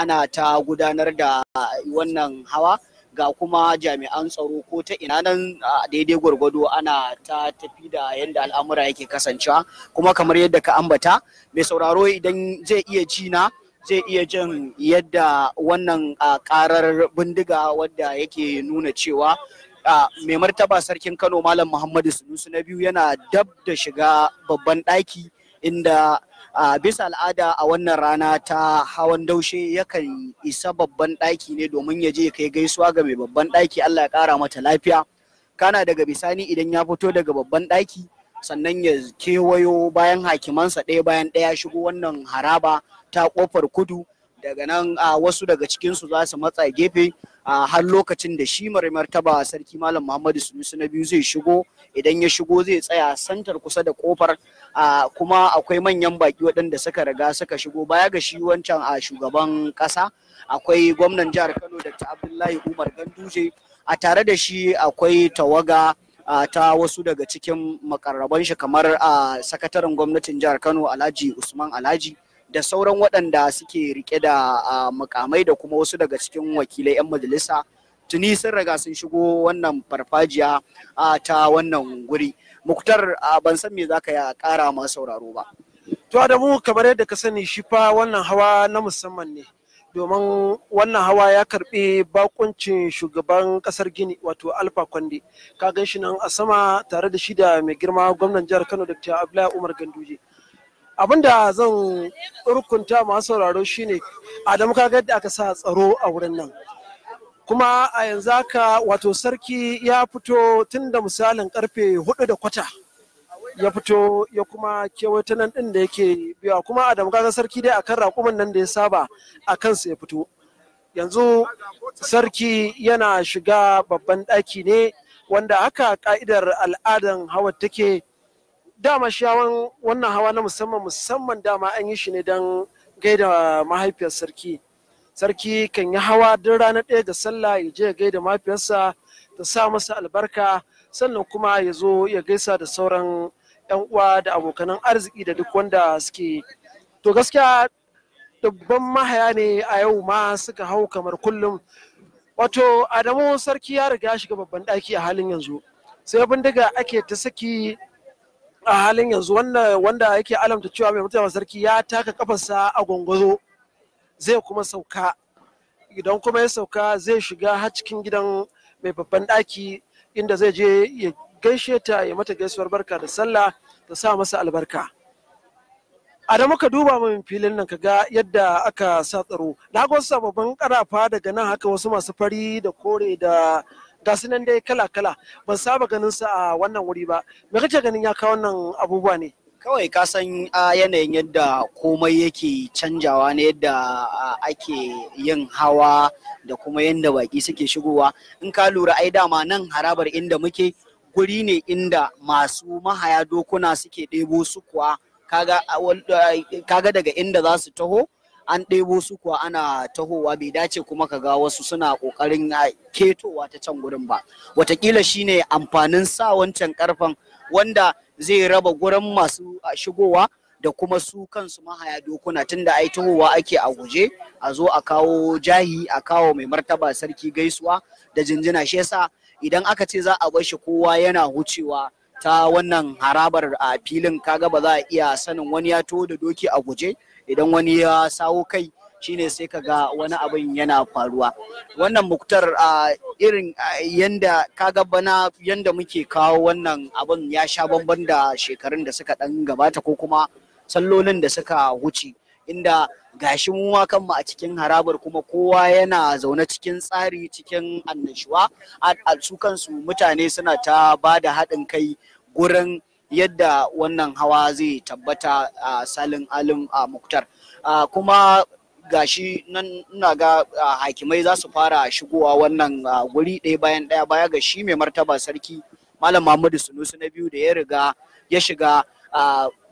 ana ta gudanar da wannan hawa ga kuma jami'an tsaro ko ta ina nan daidai gwargwado ana ta tafi da yadda al'amura yake kasancewa kuma kamar yadda ka ambata mai sauraro idan zai iya ci zai iya jin yadda wannan karar bindiga wadda yake nuna cewa mai martaba sarkin kano malam muhammadu sunusu na biyu yana dab da shiga babban ɗaki inda a bisa al'ada a wannan rana ta hawan daushe yakan isa babban ɗaki ne domin ya je kai gaisuwa ga mai babban ɗaki Allah ya ƙara mata lafiya kana daga bisani idan ya fito daga babban ɗaki sannan ya kewayo bayan hakimansa ɗaya bayan ɗaya shigo wannan haraba ta ƙofar kudu daga nan a wasu daga cikinsu za su matsa gefe a har lokacin da shi martaba sarki malam muhammadu sunusu na biyu zai shigo idan ya shigo zai tsaya santar kusa da kofar kuma akwai manyan baki waɗanda suka riga suka shigo baya ga shi wancan a shugaban ƙasa akwai gwamnan jihar kano da abdullahi umar ganduje a tare da shi akwai tawaga ta wasu daga cikin makarraban shi kamar a sakataren gwamnatin jihar kano alhaji usman alhaji da sauran waɗanda suke rike da mukamai da kuma wasu daga cikin wakilai 'yan majalisa tuni sun raga sun shigo wannan farfajiya ta wannan guri muktar ban san me zaka ya kara ma sauraro ba to da mu kamar yadda ka sani shi fa wannan hawa na musamman ne domin wannan hawa ya karbi bakuncin shugaban kasar gini wato alfa kwande ka gan shi nan a sama tare da shi da mai girma gwamnan jihar kano dr abdullahi umar ganduje abin da zan rukunta masu sauraro shine adamu kaga yadda aka sa tsaro a wurin nan kuma a yanzu haka wato sarki ya fito tun da misalin karfe hudu da kwata ya fito ya kuma kewaye nan din da yake biya kuma a damgaza sarki dai akan raƙumin nan da ya saba a kansa ya fito yanzu sarki yana shiga babban ɗaki ne wanda haka ka'idar al'adan hawa take dama shawan wannan hawa na musamman musamman dama an yi shi ne don gaida mahaifiyar sarki sarki kan yi hawa duk ranar ɗaya ga sallah ya je ya gaida mafiyarsa ta sa masa albarka sannan kuma ya zo ya gaisa da sauran 'yan uwa da abokanan arziki da duk wanda suke to gaskiya dubban mahaya ne a yau ma suka hau kamar kullum wato adamu sarki ya riga shiga babban ɗaki a halin yanzu sai bindiga ake ta saki a halin yanzu wanda yake alamta cewa mai mutane sarki ya taka kafarsa a gwangwazo zai kuma sauka idan kuma ya sauka zai shiga har cikin gidan mai babban ɗaki inda zai je ya gaishe ta ya mata gaisuwar barka da sallah ta sa masa albarka a da muka duba min filin nan kaga yadda aka sa tsaro na ga wasu sababbin karafa daga nan haka wasu masu fari da kore da gasu nan dai kala kala ban saba ganin su a wannan wuri ba me kake ganin ya kawo wannan abubuwa ne kawai ka san a yanayin yadda komai yake canjawa ne yadda ake yin hawa da kuma yadda baki suke shigowa in ka lura ai dama nan harabar inda muke guri ne inda masu mahaya dokuna suke ɗebo su kuwa kaga daga inda za su taho an ɗebo su kuwa ana tahowa bai dace kuma ka ga wasu suna ƙoƙarin ketowa ta can gurin ba watakila shine amfanin sa wancan ƙarfen wanda zai raba gurin masu shigowa da kuma su kansu mahaya dokuna tunda ai tuhowa ake a guje a zo a kawo jahi a kawo mai martaba sarki gaisuwa da jinjina shi yasa idan aka ce za a bar shi kowa yana hucewa ta wannan harabar a filin kaga ba za a iya sanin wani ya tuho da doki a guje idan wani ya sawo kai shine sai ka ga wani abin yana faruwa wannan muktar uh, irin yanda kaga bana yanda muke kawo wannan abin ya sha bamban da shekarun da suka dan gabata ko kuma sallolin da suka wuce inda gashi mu ma kanmu a cikin harabar kuma kowa yana zaune cikin tsari cikin annashuwa a su kansu mutane suna ta ba da haɗin kai gurin yadda wannan hawa zai tabbata a salin alin a muktar kuma gashi nan ina ga hakimai za su fara shigowa wannan guri ɗaya bayan ɗaya baya ga shi mai martaba sarki malam Muhammadu Sunusi na biyu da ya riga ya shiga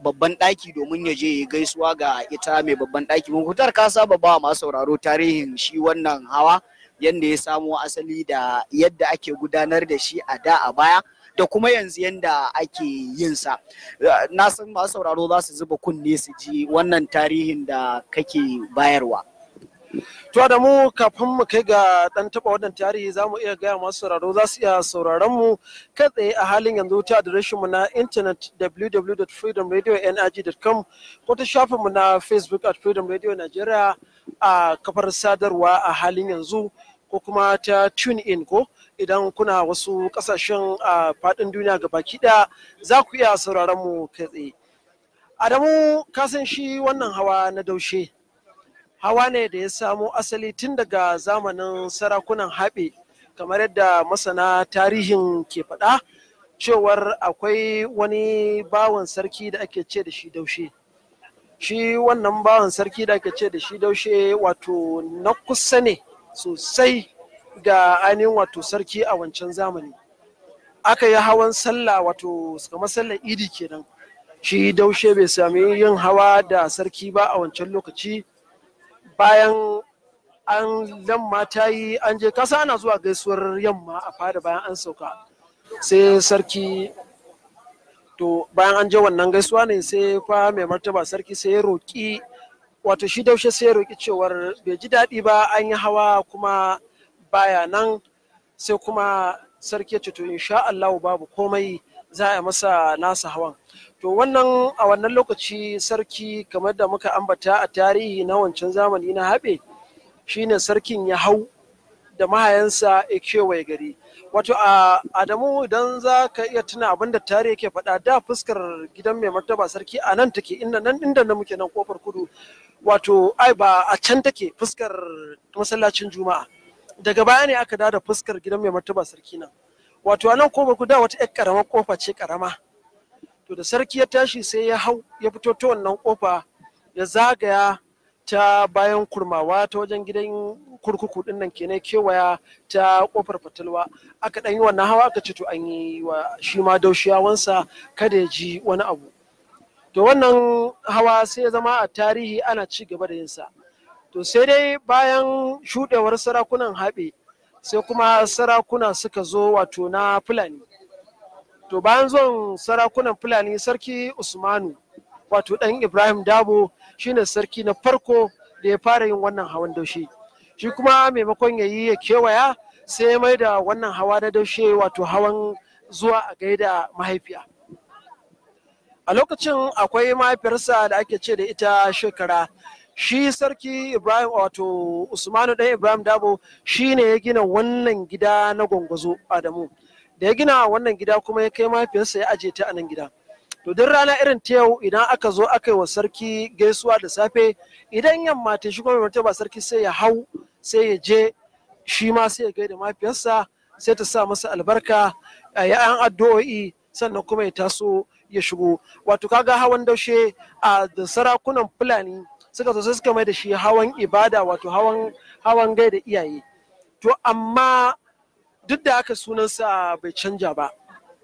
babban ɗaki domin ya je gaisuwa ga ita mai babban ɗaki hutar ka saba ba masu sauraro tarihin shi wannan hawa yadda ya samo asali da yadda ake gudanar da shi a da a baya da kuma yanzu yanda ake yin sa eh, na san masu sauraro za su zuba kunne su ji wannan tarihin da kake bayarwa to da mu kafin mu kai ga dan taba wannan tarihi za mu iya gaya masu sauraro za su iya sauraron mu kai tsaye a halin yanzu ta adireshin mu na internet www.freedomradio.nrg.com ko ta shafin mu na facebook at freedom radio nigeria a kafar sadarwa a halin yanzu ko kuma ta tune in ko idan kuna wasu kasashen a faɗin duniya ga baki ɗaya za ku iya sauraron mu kai tsaye. Adamu kasan shi wannan hawa na daushe. Hawa ne da ya samo asali tun daga zamanin sarakunan haɓe kamar yadda masana tarihin ke faɗa cewar akwai wani bawan sarki da ake ce da shi daushe. Shi wannan bawan sarki da ake ce da shi daushe wato na kusa ne sosai da ainihin wato sarki a wancan zamani aka yi hawan sallah wato kamar sallar idi kenan shi daushe bai sami yin hawa da sarki ba a wancan lokaci bayan an lamma ta yi an je kasa ana zuwa gaisuwar yamma a fada bayan an sauka sai sarki to bayan an je wannan gaisuwa ne sai fa mai martaba sarki sai ya roƙi wato shi daushe sai ya roƙi cewar bai ji daɗi ba an yi hawa kuma baya nan sai kuma sarki ya ce to insha Allah babu komai za a masa nasa hawan to wannan a wannan lokaci sarki kamar da muka ambata a tarihi na wancan zamani na haɓe shine sarkin ya hau da mahayansa ya kewaye gari wato a adamu idan za ka iya tuna abin da tare yake faɗa da fuskar gidan mai martaba sarki a nan take inda nan inda na muke nan kofar kudu wato ai ba a can take fuskar masallacin juma'a daga baya ne aka dada fuskar gidan mai martaba sarki nan wato anan ko ku da wata yar karamar kofa ce karama to da sarki ya tashi sai ya hau ya fito ta wannan kofa ya zagaya ta bayan kurmawa ta wajen gidan kurkuku din nan kenan kewaya ta kofar fatalwa aka dan yi wannan hawa aka ce to an yi wa shi ma daushiyawansa kada ya ji wani abu to wannan hawa sai ya zama a tarihi ana ci gaba da yinsa to sai dai bayan shuɗewar sarakunan haɓe sai kuma sarakuna suka zo wato na fulani to bayan zuwan sarakunan fulani sarki usmanu wato ɗan ibrahim dabo shine sarki na farko da ya fara yin wannan hawan daushe shi kuma maimakon ya yi ya kewaya sai mai da wannan hawa na daushe wato hawan zuwa a gaida mahaifiya a lokacin akwai mahaifiyarsa da ake ce da ita shekara shi sarki ibrahim wato usmanu ɗan ibrahim dabo shi ne ya gina wannan gida na gwangwazo adamu da ya gina wannan gida kuma ya kai mahaifiyarsa ya aje ta a nan gida to duk rana irin ta yau idan aka zo aka yi wa sarki gaisuwa da safe idan yamma ta shi kuma ba sarki sai ya hau sai ya je shi ma sai ya gaida mahaifiyarsa sai ta sa masa albarka a yi an addu'o'i sannan kuma ya taso ya shigo wato kaga hawan daushe a da sarakunan fulani suka zo suka mai da shi hawan ibada wato hawan hawan gai da iyaye to amma duk da haka sunansa bai canja ba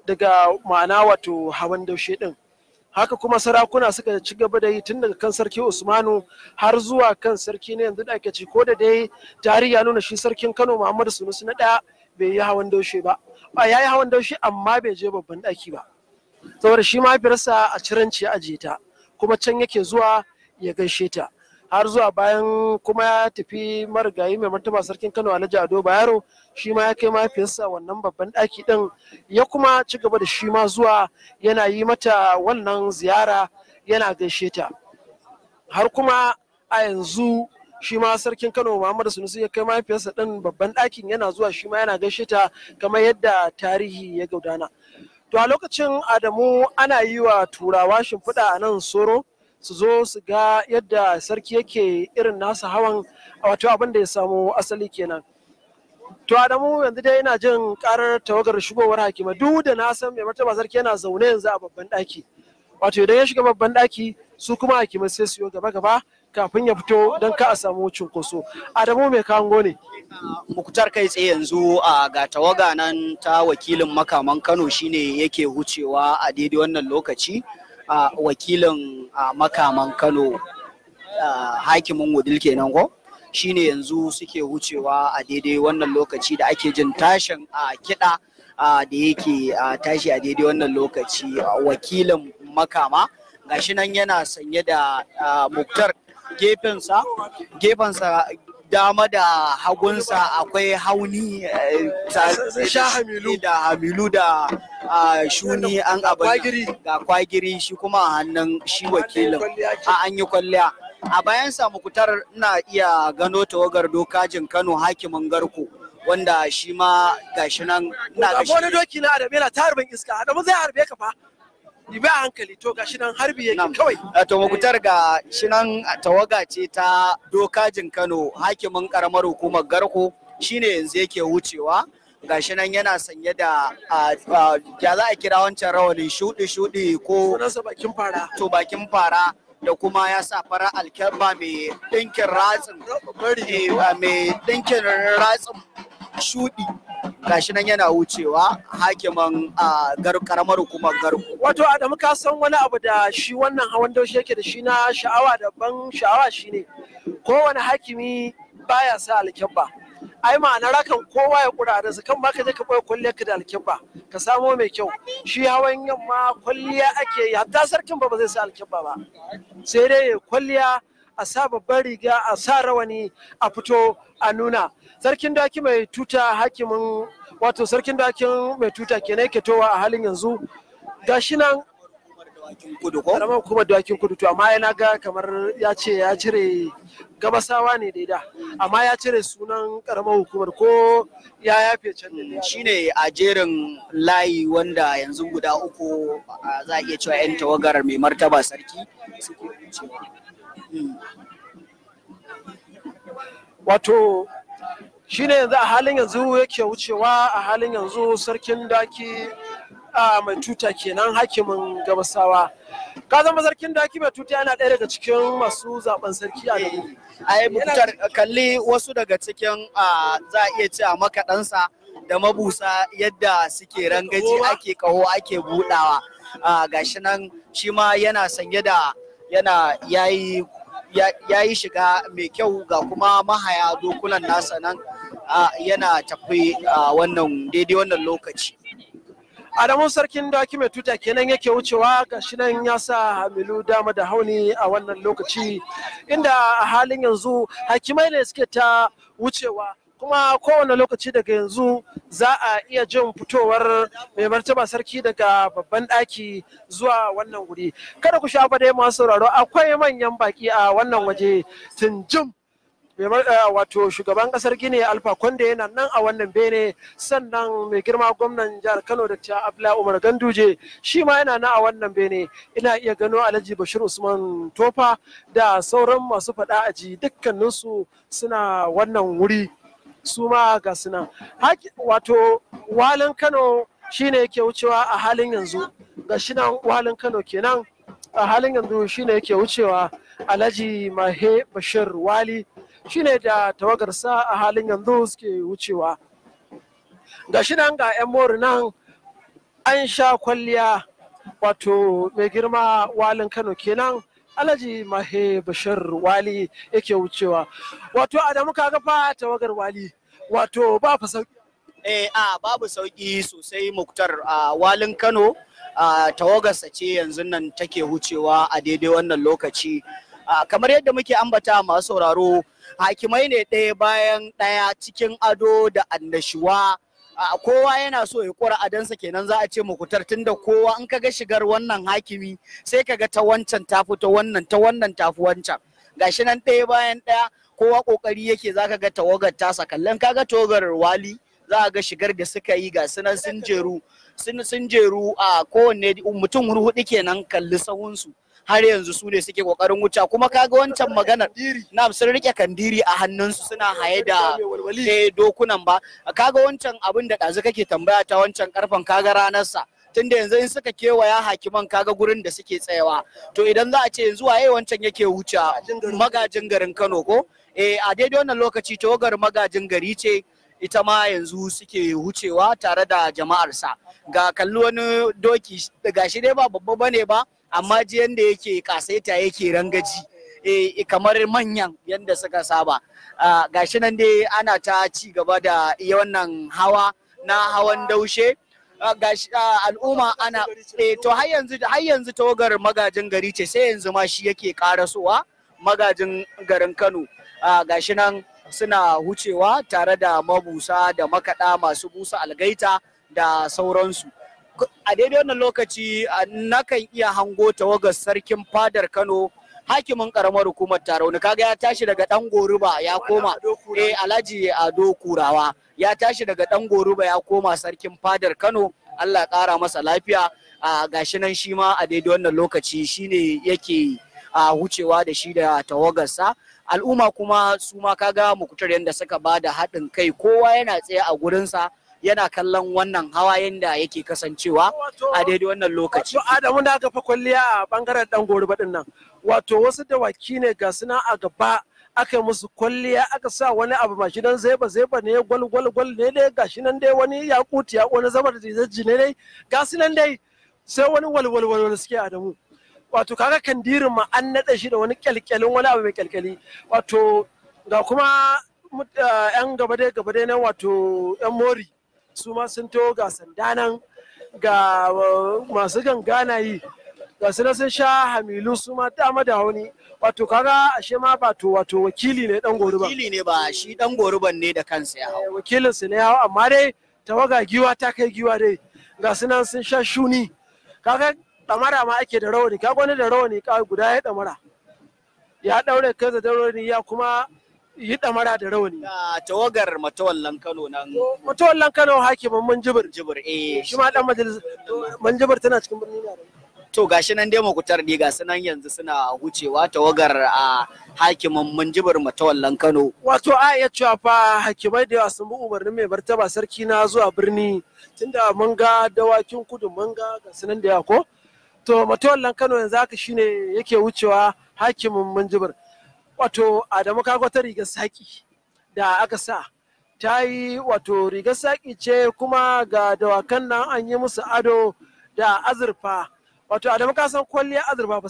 daga ma'ana wato hawan daushe din haka kuma sarakuna suka ci gaba da yi tun daga kan sarki usmanu har zuwa kan sarki na yanzu da ake ci ko da dai tarihi ya nuna shi sarkin kano muhammadu sunusu na ɗaya bai yi hawan daushe ba ba ya yi hawan daushe amma bai je babban ɗaki ba saboda shi mahaifiyarsa a ciranci ya ajiye kuma can yake zuwa ya gaishe ta har zuwa bayan kuma ya tafi marigayi mai martaba sarkin kano alhaji ado bayero shi ma ya kai mahaifiyarsa wannan babban daki ɗin ya kuma ci gaba da shi ma zuwa yana yi mata wannan ziyara yana gaishe ta har kuma a yanzu shi ma sarkin kano muhammadu sunusi ya kai mahaifiyarsa ɗin babban ɗakin yana zuwa shi ma yana gaishe ta kamar yadda tarihi ya gudana to a lokacin adamu ana yi wa turawa shimfiɗa a nan soro su zo su ga yadda sarki yake irin nasa hawan wato abin da ya samu asali kenan to adamu yanzu dai ina jin karar tawagar shigowar hakima duk da na san mai martaba sarki yana zaune yanzu a babban daki wato idan ya shiga babban daki su kuma Hakima sai su yi gaba gaba kafin ya fito don ka a samu cunkoso adamu mai kango ne muktar kai tsaye yanzu a ga tawaga nan ta wakilin makaman kano shine yake wucewa a daidai wannan lokaci wakilin makaman Kano hakimin wudil kenan ko shine yanzu suke wucewa a daidai wannan lokaci da ake jin tashin a kiɗa da yake tashi a daidai wannan lokaci wakilin makama gashi nan yana sanye da muktar gefensa gefensa dama da hagunsa akwai hauni eh, sha hamilu da hamilu da ah, shuni an abin ga kwagiri shi kuma hannun shi wakilin a ah, an yi kwalliya a bayan samu kutar na iya gano tawagar dokajin kano hakimin garko wanda shi ma gashi nan na gashi wani doki na adam yana ta harbin iska adam zai harbe ka fa dibi hankali to gashi harbi yake kawai to ga shi eh, tawaga ce ta dokajin Kano hakimin karamar hukumar Garko shine yanzu yake wucewa Gashinan yana sanye da ya za a kira wancan rawanin shudi shudi ko bakin fara to bakin fara da kuma ya sa fara alkyamba mai dinkin ratsin eh, mai dinkin ratsin shuɗi gashi nan yana wucewa hakiman karamar hukumar garko. Wato Adamu ka san wani abu da shi wannan hawan daushe yake da shi na sha'awa da ban sha'awa shine kowane hakimi baya sa alkibba. Ai ma'ana rakan kowa ya kura da kan baka je ka ɓoye kulle ka da alkibba ka samo mai kyau shi hawan yamma kwalliya ake yi hatta sarkin ba ba zai sa alkibba ba sai dai kwalliya a sa babbar riga a sa rawani a fito a nuna sarkin daki mai tuta hakimin wato sarkin dakin mai tuta kenan yake towa a halin yanzu gashi nan karamar hukumar dawakin kudu to amma yana ga kamar ya ce ya cire gabasawa ne daida amma ya cire sunan karamar hukumar ko ya yafe can da shine a jerin layi wanda yanzu guda uku za a iya cewa yan tawagar mai martaba sarki hmm. wato shine yanzu a halin yanzu yake wucewa a halin yanzu sarkin daki a mai tuta kenan hakimin gabasawa ka zama sarkin daki mai tuta yana ɗaya daga cikin masu zaben sarki a nan a yi kalli wasu daga cikin za a iya ce a makaɗansa da mabusa yadda suke rangaji ake kaho ake budawa gashi nan shi ma yana sanye da yana yayi ya yi shiga mai kyau ga kuma mahaya dokunan nasa nan yana tafi wannan daidai wannan lokaci Adamu sarkin daki mai tuta kenan yake wucewa ga shi nan ya sa Hamilu dama da hauni a wannan lokaci inda a halin yanzu hakimai ne suke ta wucewa kuma kowane lokaci daga yanzu za a iya jin fitowar mai martaba sarki daga babban daki zuwa wannan guri kada ku sha dai masu sauraro akwai manyan baki a wannan waje tun jim Eh, wato shugaban kasar gini alfa konde yana nan a wannan bene sannan mai girma gwamnan jihar kano da ta abla umar ganduje shi ma yana nan a wannan bene ina iya gano alhaji bashir usman tofa da sauran masu faɗa ji dukkaninsu suna wannan wuri su ma ga suna wato walin kano shine yake wucewa a halin yanzu ga shi nan walin kano kenan a halin yanzu shine yake wucewa alhaji mahe bashir wali shine da tawagarsa a halin yanzu suke wucewa ga shi nan ga 'yan mori nan an sha kwalliya wato mai girma walin kano kenan alhaji mahe bashir wali yake wucewa wato adamu kaga fa tawagar wali wato ba fa sauki eh a babu sauki sosai muktar a walin kano a tawagarsa ce yanzu nan take wucewa a daidai wannan lokaci kamar yadda muke ambata masu sauraro hakimai ne ɗaya bayan ɗaya cikin ado da annashuwa kowa yana so ya kura adansa kenan za a ce mukutar tunda kowa in ka ga shigar wannan hakimi sai ka ta wancan ta fito wannan ta wannan ta wancan gashi nan ɗaya bayan ɗaya kowa kokari yake za ka ga tawagar tasa kallon kaga tawagar wali za ga shigar da suka yi ga sunan sun jeru sun jeru a kowanne mutum hudu kenan kalli sahunsu har yanzu su ne suke kokarin wuce kuma kaga wancan maganar na sun rike kandiri a hannunsu suna haye da dokunan ba kaga wancan abin da ɗazu kake tambaya ta wancan karfen kaga ranar sa. tunda yanzu in suka kewaya hakiman kaga gurin da suke tsayawa to idan za a ce yanzu waye wancan yake wuce magajin garin Kano ko eh a daidai wannan lokaci togar magajin gari ce ita ma yanzu suke wucewa tare da jama'arsa ga kalli wani doki gashi dai ba babba bane ba amma ji yanda yake kasaita yake rangaji e, kamar manyan yanda suka saba ah, gashi nan dai ana ta ci gaba da wannan hawa na hawan daushe ah, gashi ah, al'umma ana e, to har yanzu har yanzu togar magajin gari ce sai yanzu ma shi yake karasowa magajin garin Kano gashi nan suna hucewa tare da mabusa da makaɗa masu busa algaita da sauransu a daidai wannan lokaci nakan iya hango tawagar sarkin fadar Kano hakimin karamar hukumar Tarauni kaga ya tashi daga dan goruba ya koma eh Alhaji Ado Kurawa ya tashi daga dan goruba ya koma sarkin fadar Kano Allah kara masa lafiya a gashi nan shi ma a daidai wannan lokaci shine yake a wucewa da shi da tawagarsa al'umma kuma su ma kaga mukutar yadda suka ba da haɗin kai kowa yana tsaye a gurinsa yana kallon wannan hawa yanda yake kasancewa a daidai wannan lokaci. Wato Adamu da aka fa kwalliya a bangaren dan goruba din nan. Wato wasu dawaki ne ga suna a gaba aka yi musu kwalliya aka sa wani abu ma dan zeba zeba ne gwal gwal gwal ne dai gashi nan dai wani yakuti ya wani zama da zai ne dai su nan dai sai wani walwal walwal suke Adamu. Wato kaga kandirin ma an naɗa shi da wani kyalkyalin wani abu mai kyalkyali. Wato ga kuma eh, 'yan gaba dai gaba dai na wato 'yan mori. su ma sun taho ga sandanan ga uh, masu gangana yi ga su sun sha hamilu su ma dama da hauni wato kaga ashe ma ba to wato wakili ne dan goruban wakili ne ba shi dan goruban ne da kansa ya hawo eh, wakilin su ne ya hawo amma dai tawaga giwa ta kai giwa dai ga su nan sun sha shuni kaga damara ma ake da rawani kaga wani da rawani guda ya damara ya daure kai da rawani ya kuma yi ɗamara da rauni. A tawagar matawan lankano nan. Matawan lankano Kano hakimin Manjibir. Jibir eh. Shi ma ɗan majalis Manjibir tana cikin birni ne. To gashi nan dai makutar ne ga nan yanzu suna wucewa tawagar a hakimin Manjibir matawallan Kano. Wato a iya cewa fa hakimai da yawa sun bi umarnin mai martaba sarki na zuwa birni tunda mun ga dawakin kudu mun ga ga nan da yawa ko? To matawallan Kano yanzu haka shine yake wucewa hakimin Manjibir. wato Adamu kago ta rigar saki da aka sa ta yi wato rigar saki ce kuma ga dawakan nan an yi musu ado da azurfa wato Adamu ka san kwalliya azurfa ba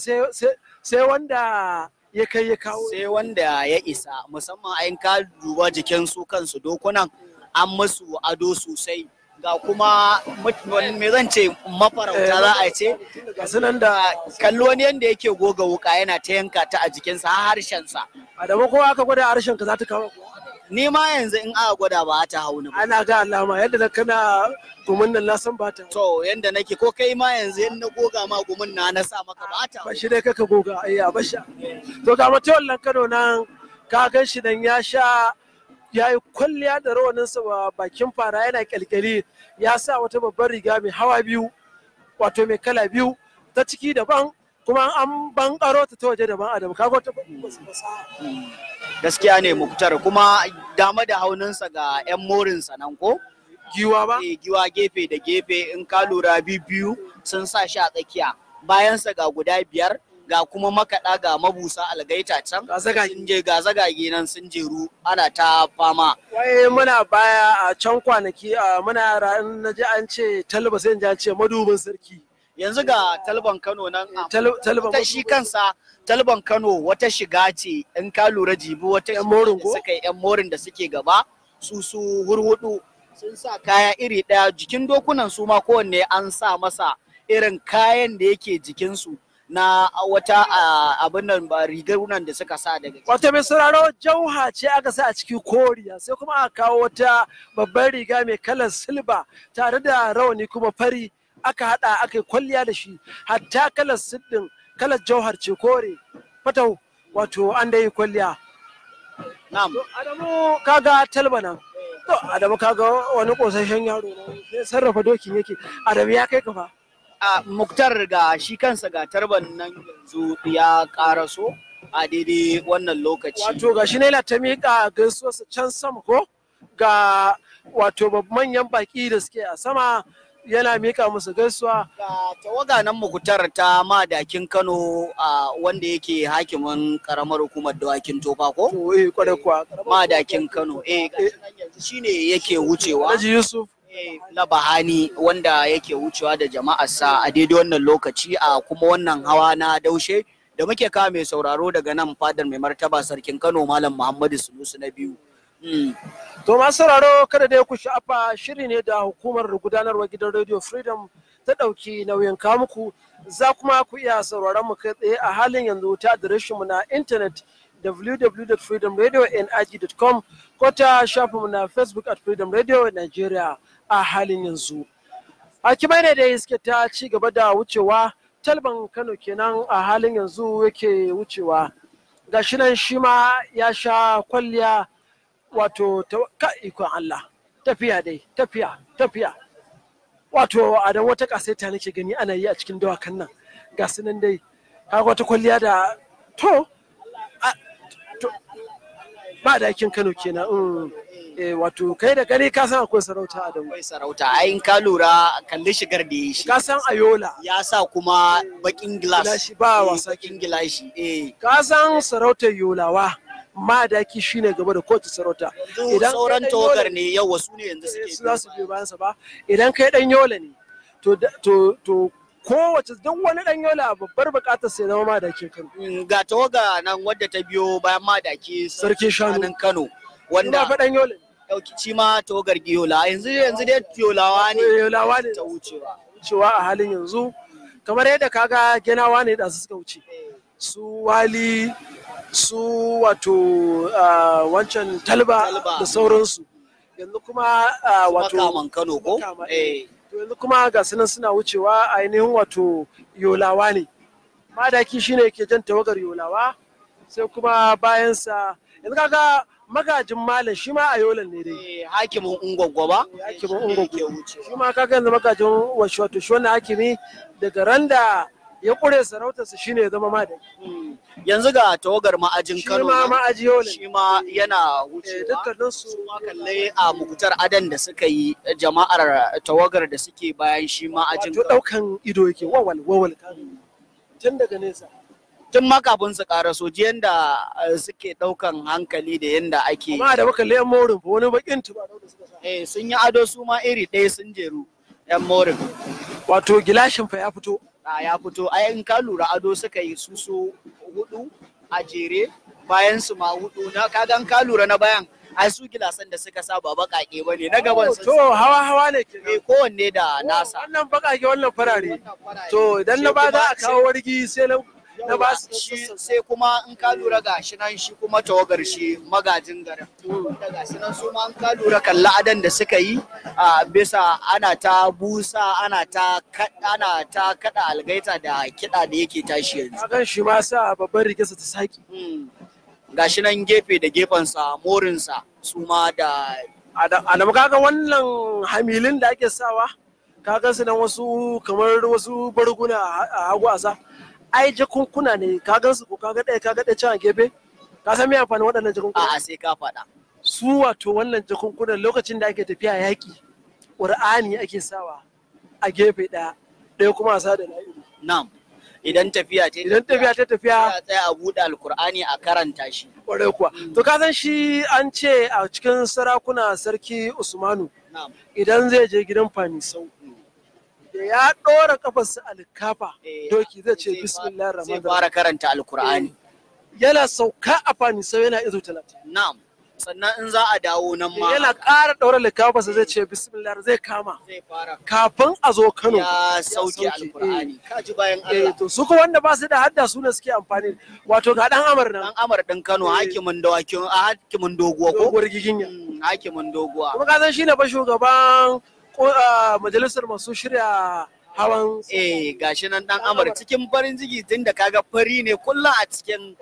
sai wanda ya kai ya kawo sai wanda ya isa musamman ayin ka duba jikin su kansu dokunan an musu ado sosai ga kuma me zan ce mafarauta za a ce sunan da kallo wani yanda yake goga wuka yana ta yanka ta a jikinsa har harshensa a da kowa aka gwada harshen ka za ta kawo ni ma yanzu in aka gwada ba ta hau ni ana ga alama yadda na kana gumin nan na san ba ta to yanda nake ko kai ma yanzu in na goga ma gumin na na sa maka ba ta ba shi dai kaka goga ayya a basha to ga mutuwan wallan Kano nan ka gan shi nan ya sha ya yi kwalliya da rawaninsa bakin fara yana kyalkyali ya sa wata babbar riga mai hawa biyu wato mai kala biyu ta ciki daban kuma an bankaro ta ta waje daban adam kago ta gaskiya ne muktar kuma dama da hauninsa ga yan morinsa nan ko giwa ba eh giwa gefe da gefe in ka lura biyu sun sa shi a tsakiya bayansa ga guda biyar ga kuma makaɗa ga mabusa algaita can sun je ga zaga nan sun jeru ana ta fama wai muna baya a can kwanaki muna yara in naji an ce talba sai an ce madubin sarki yanzu ga talban Kano nan eh, ta shi kansa talban Kano wata shiga ce in ka lura jibi wata suka yan morin da suke gaba su su hurhudu sun sa kaya iri daya jikin dokunan su ma kowanne an sa masa irin kayan da yake jikinsu su na wata abin nan ba rigunan da suka sa daga wato mai sauraro jauha ce aka sa a cikin koriya sai kuma aka kawo wata babbar riga mai kalar silba tare da rawani kuma fari aka hada aka yi kwalliya da shi hatta kalar siddin kalar jauhar ce kore fatau wato an da yi kwalliya na'am adamu kaga talba nan to adamu kaga wani kosashen yaro ne sai sarrafa dokin yake adamu ya kai kafa muktar ga shi kansa ga tarban nan yanzu ya karaso a daidai wannan lokaci wato ga shi naila ta miƙa gaisuwarsa can sama ko ga wato manyan baki da suke a sama yana mika musu gaisuwa ga tawaga nan mukutar ta madakin kano a wanda yake hakimin karamar hukumar dawakin tofa ko eh kwarai kano eh shine yake wucewa Yusuf na bahani wanda yake wucewa da sa, a daidai wannan lokaci a kuma wannan hawa na daushe da muke kawo mai sauraro daga nan fadar mai martaba sarkin kano malam muhammadu sunusu na biyu hmm. to ma sauraro kada dai ku sha'afa shiri ne da hukumar gudanarwa gidan radio freedom ta ɗauki nauyin muku za kuma ku iya sauraron mu kai tsaye a halin yanzu ta adireshinmu na intanet www.freedomradio.nig.com ko ta shafinmu na facebook at freedom radio nigeria a halin yanzu hakimai ne da iske ta ci gaba da wucewa talban kano kenan a halin yanzu yake wucewa ga shi nan shi ma ya sha kwalliya wato ka ikon Allah tafiya dai tafiya tafiya wato a da wata kasaita nake gani ana yi a cikin dawakan nan ga su nan dai ka wata kwalliya da to ba dakin Kano kenan mm. eh wato kai da gani ka san akwai sarauta a dawo akwai sarauta ai in ka lura kalli shigar da shi ka san ayola ya sa kuma eh, bakin glass ba eh, wasa bakin glass eh ka san sarautar yolawa madaki shine gaba da kowace sarauta idan sauran tawagar ne yau wasu ne yanzu suke eh, su za su biyo bayansa ba idan kai dan yola ne to to to kowace duk wani dan yola babbar bukatar sai zama madaki Kano mm, ga tawaga nan wadda ta biyo bayan madaki sarki shanu Kano wanda fa dan yola ɗauki shi ma tawagar giyola yanzu yanzu dai yolawa ne yolawa ne ta wucewa wucewa a halin yanzu kamar yadda kaga genawa ne da su suka wuce su wali su wato wancan talba da sauransu yanzu kuma wato makaman kano ko eh. Eh. yanzu kuma ga sunan suna wucewa ainihin wato yolawa ne madaki shine ke jan tawagar yolawa sai kuma bayansa yanzu kaga magajin malam shi ma a yolan ne dai eh, hakimin ungwaggwa ba eh, hakimin ungwaggwa shi ma kaga yanzu magajin wasu wato shi wannan hakimi daga randa ya kure su shine ya zama ma da hmm. yanzu ga tawagar ma'ajin Kano shi ma ma'aji yolan shi ma yana wucewa eh, dukkanin su kalle a mukutar adan da suka yi jama'ar tawagar da suke bayan shi ma'ajin Kano wato daukan ido yake wawal wawal tun daga nesa tun ma kafin su ƙara soji yadda eh, suke ɗaukan hankali da yadda ake amma da baka layan morin ba wani bakin tuba da suka sa eh, sun yi ado su ma iri ɗaya sun jeru yan morin wato gilashin fa ya fito a ah, ya fito ai in ka lura ado suka yi su su hudu a jere bayan su ma hudu na kaga ka lura na bayan ai su gilasan da suka sa ba bakake ba ne na gaban sun to hawa hawa ne kenan eh, kowanne da oh, nasa wannan bakake wannan farare to idan na ba za a kawo wargi sai na na ba su shi sai kuma in ka lura ga shi nan shi kuma tawagar shi magajin garin da ga shi nan su ma in ka lura kan la'adan da suka yi a bisa ana ta busa ana ta ana ta kada algaita da kiɗa da yake tashi yanzu kan shi ma sa babban rigarsa ta saki hmm. ga shi nan gefe da gefensa morinsa su ma da Adamu kaga wannan hamilin da ake sawa kaga su nan wasu kamar wasu barguna a hagu a sa ai jakunkuna ne ka gan su ko ka ga ɗaya ka ga ɗaya can a gefe ka san me amfanin waɗannan jakunkuna a'a sai ka faɗa su wato wannan jakunkunan lokacin da ake tafiya yaƙi ƙur'ani ake sawa a gefe ɗaya ɗaya kuma a sa da na'iru na'am idan tafiya ta idan tafiya ta tafiya tsaya a buɗe alkur'ani a karanta shi ƙwarai kuwa to ka san shi an ce a cikin sarakuna sarki usmanu idan zai je gidan fanisau da ya ɗora kafarsa alkafa eh, doki zai ce bismillah ramadan zai fara karanta alkur'ani eh, yana sauka a fani sau yana izu talatin na'am sannan in za a dawo nan ma yana ƙara ɗora likafarsa zai ce bismillah zai kama kafin a zo Kano ya sauke alkur'ani eh. kaji bayan Allah to su ko wanda ba su da hadda su ne suke amfani wato ga dan amar nan dan amar din Kano hakimin dawakin hakimin doguwa ko gurgigin mm, hakimin doguwa kuma ka san shine ba shugaban majalisar masu shirya hawan eh gashi nan dan amur cikin farin ciki tun da kaga fari ne kullum a cikin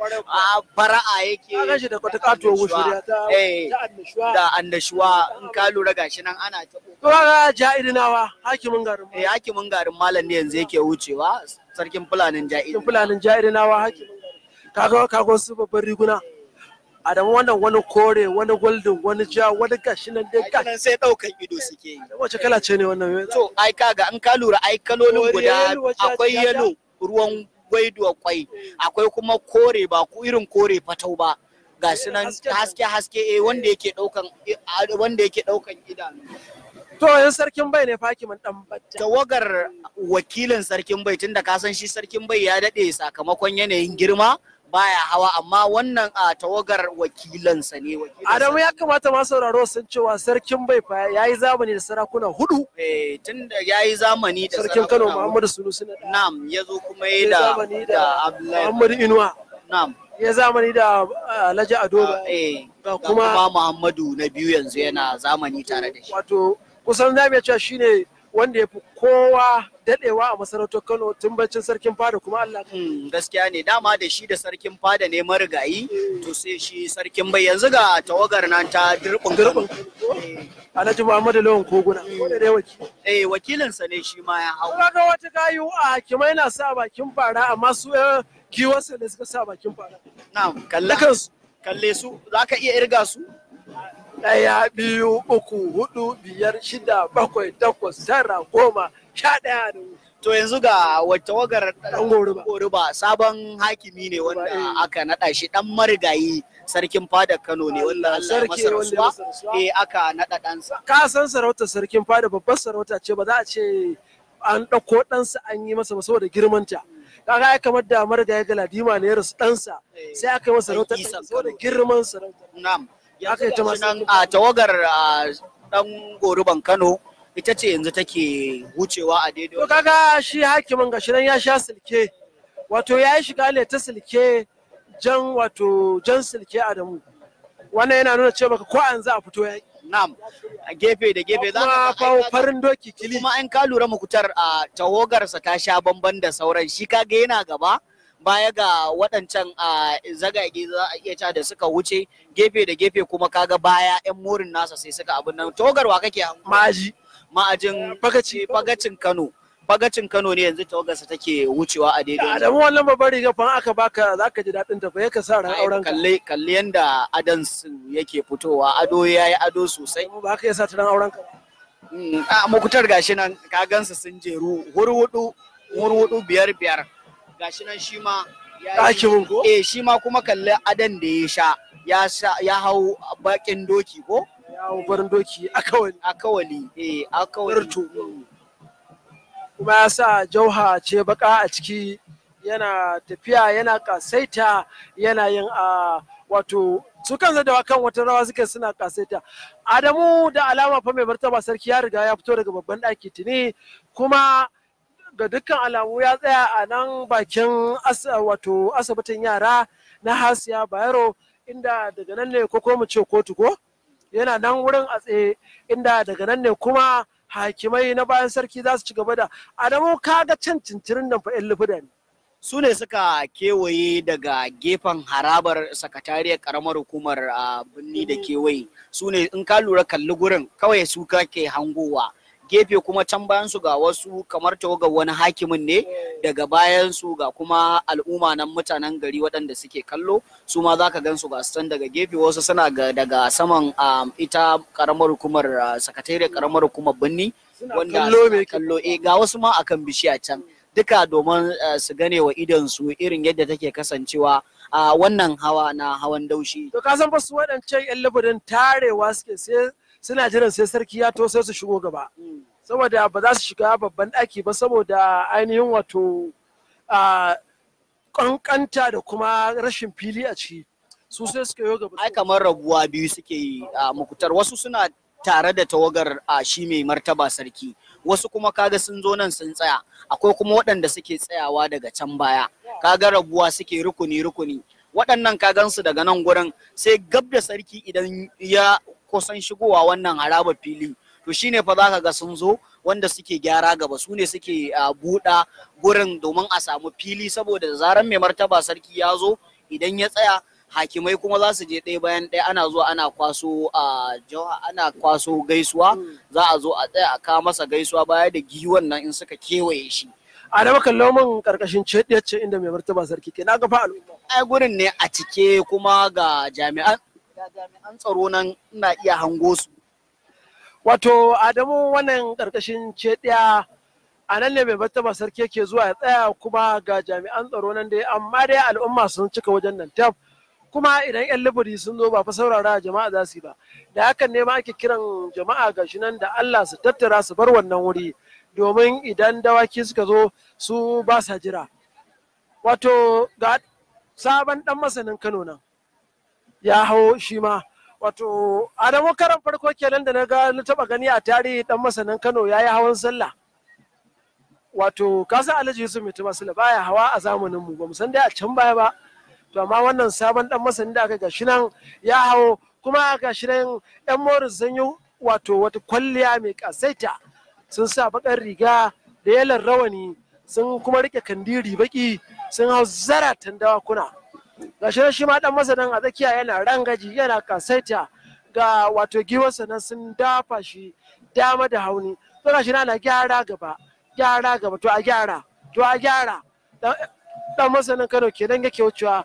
bara'a yake gashi da kwata katuwa wushuriya eh, ta annashuwa da annashuwa in ka lura gashi nan ana ta to ga ja'idinawa hakimin garin eh hakimin garin malam ne yanzu yake wucewa sarkin fulanin ja'idinawa fulanin ja'idinawa hakimin garin kaga kago su babban riguna eh. Adamu wannan wani kore wani golden wani ja wani gashi nan dai gashi. sai daukan ido suke yi. Wace kala ce ne wannan? To ai kaga an ka lura ai kalolin guda akwai yalo ruwan gwaido kwai akwai kuma kore ba ku irin kore fatau ba. Ga su nan haske haske eh wanda yake daukan eh, wanda yake daukan idanu. To yan sarkin bai ne fakimin dan batta. Tawagar wakilin sarkin bai tunda ka san shi sarkin bai ya dade sakamakon yanayin girma. baya hawa amma wannan a tawagar wakilansa ne Adamu ya kamata ma sauraro sun cewa sarkin bai fa ya yi zamani da sarakuna hudu eh tunda yi zamani da sarkin Kano Muhammadu da nam ya zo kuma ya da da Muhammadu Inuwa nam ya zamani da Alhaji Ado ah, ba eh, kuma Muhammadu na biyu yanzu yana zamani tare da shi wato kusan zamu iya cewa shine wanda ya fi kowa dadewa a masarautar Kano tun bacin sarkin fada kuma Allah hmm, gaskiya ne dama da shi da sarkin fada ne marigayi to sai shi sarkin bai yanzu ga tawagar nan ta dirbin dirbin eh. Alhaji Muhammadu Lawan Koguna hmm. wanda dai wakili eh wakilin sa ne shi ma ya hawo kaga wata gayu a hakimai na sa bakin fara amma su eh, giwarsa ne suka sa bakin fara na'am kalle su kalle su zaka iya irga su ɗaya biyu uku hudu biyar shida bakwai takwas tara goma sha ɗaya da To yanzu ga wacce wagar Goruba sabon hakimi ne wanda eh. aka naɗa shi ɗan marigayi sarkin fada Kano ne wanda Allah masa eh aka naɗa ɗansa. Ka san sarauta sarkin fada babbar sarauta ce ba za a ce an ɗauko ɗansa an yi masa ba saboda girmanta. Kaga ya kamar da marigayi galadima ne ya rasu ɗansa eh, sai aka yi masa sarauta saboda girman sarauta. Na'am. ta masu a tawagar dan goruban Kano ita ce yanzu take wucewa a daidai. To kaga shi hakimin gashi nan ya sha silke wato ya yi shiga ne ta silke jan wato jan silke Adamu. Wannan yana nuna cewa ko an za a fito ya A gefe da gefe za ka kawo farin doki kili. Kuma an ka lura mukutar a tawagarsa ta sha bamban da sauran shi kaga yana gaba baya ga waɗancan zagage za a iya ca da suka wuce gefe da gefe kuma kaga baya yan murin nasa sai suka abin nan togarwa kake ma'aji ma'ajin fagaci eh, fagacin Kano fagacin Kano ne yanzu tawagarsa take wucewa a daidai Adamu wannan babbar riga fa aka baka zaka ji dadin ta fa yaka sa ran auren kalle kalle yanda adan su yake fitowa ado yayi ado sosai ba ka yasa ta ran auren ka hmm, a mukutar gashi nan ka gansu sun jeru hurwudu hurwudu biyar biyar gashi nan shi ma ɗakin ko? Eh shi ma kuma kalli adan da ya sha ya sha ya hau bakin doki ko? Ya hau barin doki akawali. Akawali eh akawali. Barto. Kuma ya sa jauha ce baka a ciki yana tafiya yana kasaita yana yin a wato su kansa da kan wata rawa suke suna kasaita adamu da alama fa mai martaba sarki ya riga ya fito daga babban ɗaki tuni kuma da dukkan alamu ya tsaya a nan bakin wato asibitin yara na hasiya bayero inda daga nan ne ko mu ce kotu yana nan wurin a tsaye inda daga nan ne kuma hakimai na bayan sarki za su ci gaba da adamu kaga can cincirin nan fa 'yan da ne su ne suka kewaye daga gefen harabar sakatariyar karamar hukumar birni da kewaye su ne in ka lura kalli gurin kawai su ke hangowa gefe kuma can bayan su ga wasu kamar ga wani hakimin ne daga bayan su ga kuma al'umma na mutanen gari waɗanda suke kallo su ma za ka gan su ga su daga gefe wasu suna daga saman um, ita karamar hukumar uh, sakatare karamar hukumar birni wanda kallo E, ga wasu ma akan bishiya can duka domin uh, su gane wa idon su irin yadda take kasancewa a uh, wannan hawa na hawan daushi. To ka san su waɗancan 'yan labarin tarewa suke sai suna jiran sai sarki ya to sai su shigo gaba saboda ba za su shiga babban ɗaki ba saboda ainihin wato ƙanƙanta da kuma rashin fili a ciki su sai suka yi gaba ai kamar rabuwa biyu suke yi a mukutar wasu suna tare da tawagar a shi mai martaba sarki wasu kuma kaga sun zo nan sun tsaya akwai kuma waɗanda suke tsayawa daga can baya kaga rabuwa suke rukuni rukuni waɗannan ka gansu daga nan gurin sai gab da sarki idan ya kusan shigowa wannan haraba fili to shine fa zaka ga sun zo wanda suke gyara gaba sune ne suke buɗa gurin domin a samu fili saboda zaran mai martaba sarki ya zo idan ya tsaya hakimai kuma za su je ɗaya bayan ɗaya ana zuwa ana kwaso a ana kwaso gaisuwa za a zo a tsaya a kawo masa gaisuwa baya da giwon nan in suka kewaye shi a da maka lomin karkashin ce inda mai martaba sarki ke na gafa al'umma ai gurin ne a cike kuma ga jami'an ga jami'an tsaro nan ina iya hango su wato adamu wannan karkashin ɗaya. a nan ne mai sarki ke zuwa ya tsaya kuma ga jami'an tsaro nan dai amma dai al'umma sun cika wajen nan tab kuma idan yan libiri sun zo ba fa saurara jama'a za su yi ba da hakan ne ma ake kiran jama'a ga shi nan da Allah su tattara su bar wannan wuri domin idan dawaki suka zo su ba sa jira wato ga sabon dan masanin Kano nan ya hau shi ma wato adamu karan farko kenan da na ga na taba gani a tarihi dan masanin kano ya yi hawan sallah wato kasan alhaji yusuf mai sallah baya hawa a zamanin mu ba mu san dai a can baya ba to amma wannan sabon ɗan masanin da aka ga shi nan ya hau kuma ga shi nan yan morris sun yi wato wata kwalliya mai kasaita sun sa baƙar riga da yalan rawani sun kuma rike kandiri baki sun hau zara tandawa kuna gashi shi ma dan masanin a tsakiya yana rangaji yana kasaita ga wato giwarsa nan sun dafa shi dama da hauni to gashi na gyara gaba gyara gaba to a gyara to a gyara dan masanin Kano kenan yake wucewa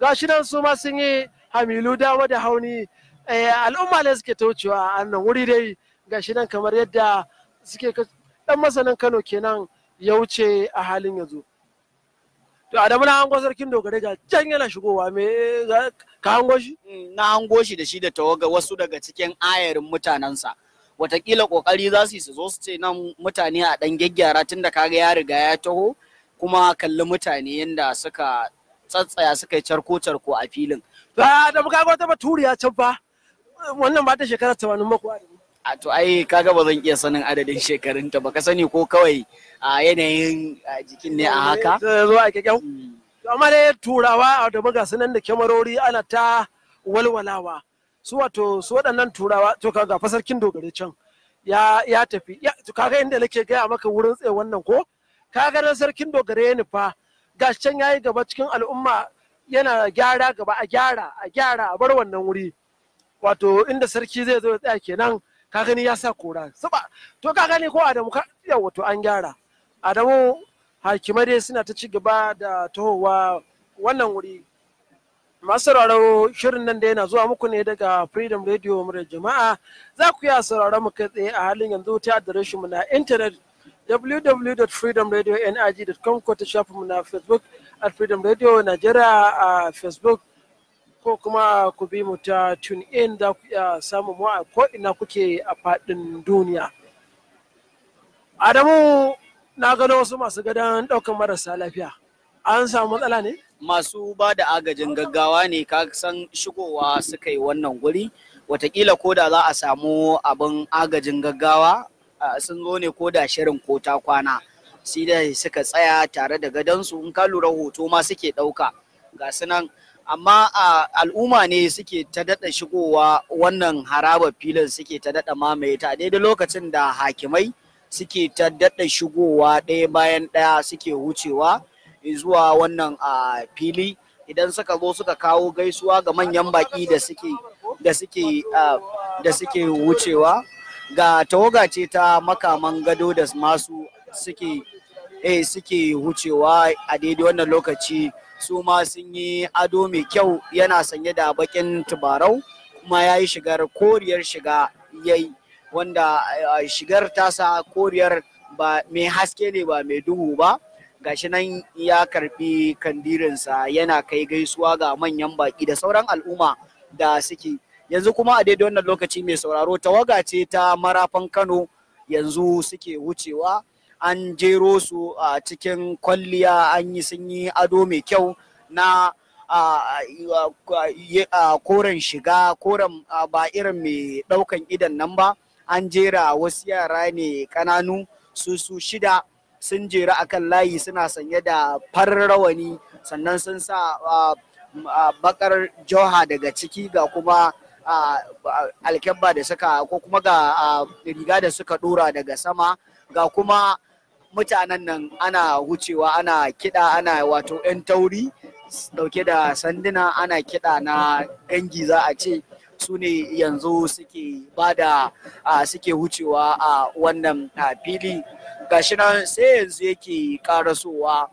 gashi nan su ma sun yi hamilu dama da hauni eh, al'umma ne suke ta wucewa a nan wuri dai gashi nan kamar yadda suke dan masanin Kano kenan ya wuce a halin yanzu to adamu na hango sarkin dogare ga can yana shigowa me ka hango shi mm, na hango shi da shi da tawaga wasu daga cikin ayarin mutanensa watakila kokari za su yi su zo su ce nan mutane a dan gyaggyara tunda kaga ya riga ya taho kuma kalli mutane yanda suka tsatsaya suka yi carko carko a filin ba da ka ga wata baturiya can ba wannan ba ta shekara 80 makuwa a to ai kaga ba zan iya sanin adadin ta ba ka sani ko kawai a yanayin jikin ne a haka eh, eh, zuwa kyau hmm. amma dai turawa wata buga sunan da kyamarori ana ta walwalawa su wato su waɗannan turawa to kaga fasarkin dogare can ya ya tafi ya to kaga inda nake gaya maka wurin tsaye wannan ko kaga na sarkin dogare ne fa gashi can yayi gaba cikin al'umma yana gyara gaba a gyara a gyara a bar wannan wuri wato inda sarki zai zo ya tsaya kenan ka gani ya sa kora saba to ka gani ko Adamu ka yawa wato an gyara Adamu hakimai dai suna ta ci gaba da tahowa wannan wuri masu sauraro shirin nan da yana zuwa muku ne daga freedom radio murar jama'a za ku iya sauraro mu kai tsaye a halin yanzu ta adireshin mu na intanet www.freedomradio.nrg.com ko ta shafin mu na facebook at freedom radio nigeria a facebook ko kuma ku bi mu ta tune in za ku iya samun mu a ko'ina kuke a faɗin duniya. Adamu na gano wasu masu gadon ɗaukan marasa lafiya. An samu matsala ne? Masu ba da agajin gaggawa ne ka san shigowa suka yi wannan guri. Watakila ko da za a samu abin agajin gaggawa sun zo ne ko da shirin ko ta kwana. Sai da suka tsaya tare da gadansu in ka lura hoto ma suke ɗauka. Ga su nan amma al'umma ne suke ta daɗa shigowa wannan haraba filin suke ta daɗa mamaye ta daidai lokacin da hakimai suke ta daɗa shigowa ɗaya bayan ɗaya suke wucewa zuwa wannan fili idan suka zo suka kawo gaisuwa ga manyan baƙi da suke da suke da suke wucewa ga tawaga ce ta makaman gado da masu suke eh, suke wucewa a daidai wannan lokaci su ma sun yi ado mai kyau yana sanye da bakin tubarau kuma ya yi shigar koriyar shiga ya yi wanda eh, shigar tasa koriyar ba mai haske ne ba mai duhu ba gashi nan ya karbi kandirinsa yana kai gaisuwa ga manyan baki da sauran al'umma da suke yanzu kuma a daidai wannan lokaci mai sauraro tawaga ce ta marafan kano yanzu suke wucewa an jero su a cikin kwalliya an yi sun yi ado mai kyau na koren shiga koren ba irin mai daukan idan nan ba an jera wasu yara ne kananu su su shida sun jera akan layi suna sanye da farar rawani sannan sun sa bakar joha daga ciki ga kuma alkyabba da suka ko kuma ga riga da suka dora daga sama ga kuma mutanen nan ana wucewa ana kiɗa ana wato 'yan tauri dauke da sanduna ana kiɗa na dangi za a ce su ne yanzu suke bada suke wucewa a wannan fili gashi nan sai yanzu yake karasowa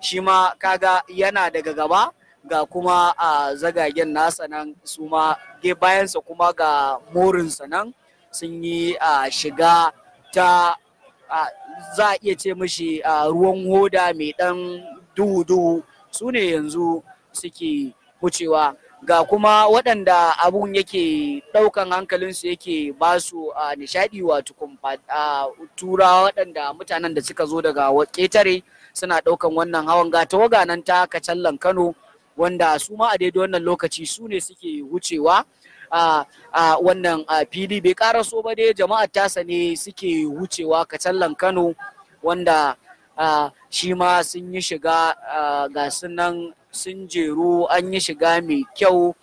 shi ma kaga yana daga gaba ga kuma a zagagen nasa nan su ma bayansa kuma ga morinsa nan sun yi shiga ta za a iya ce mashi ruwan hoda mai ɗan duhu-duhu su ne yanzu suke wucewa ga kuma waɗanda abun yake ɗaukan hankalinsu yake ba su nishaɗi wato tura waɗanda mutanen da suka zo daga ƙetare suna ɗaukan wannan hawan ga tawaga nan ta kacallan kano wanda su ma a daidai wannan lokaci su ne suke wucewa a wannan fili bai karaso ba dai jama'ar tasa ne suke wucewa kacallan kano wanda shi ma sun yi shiga ga nan sun jeru an yi shiga mai kyau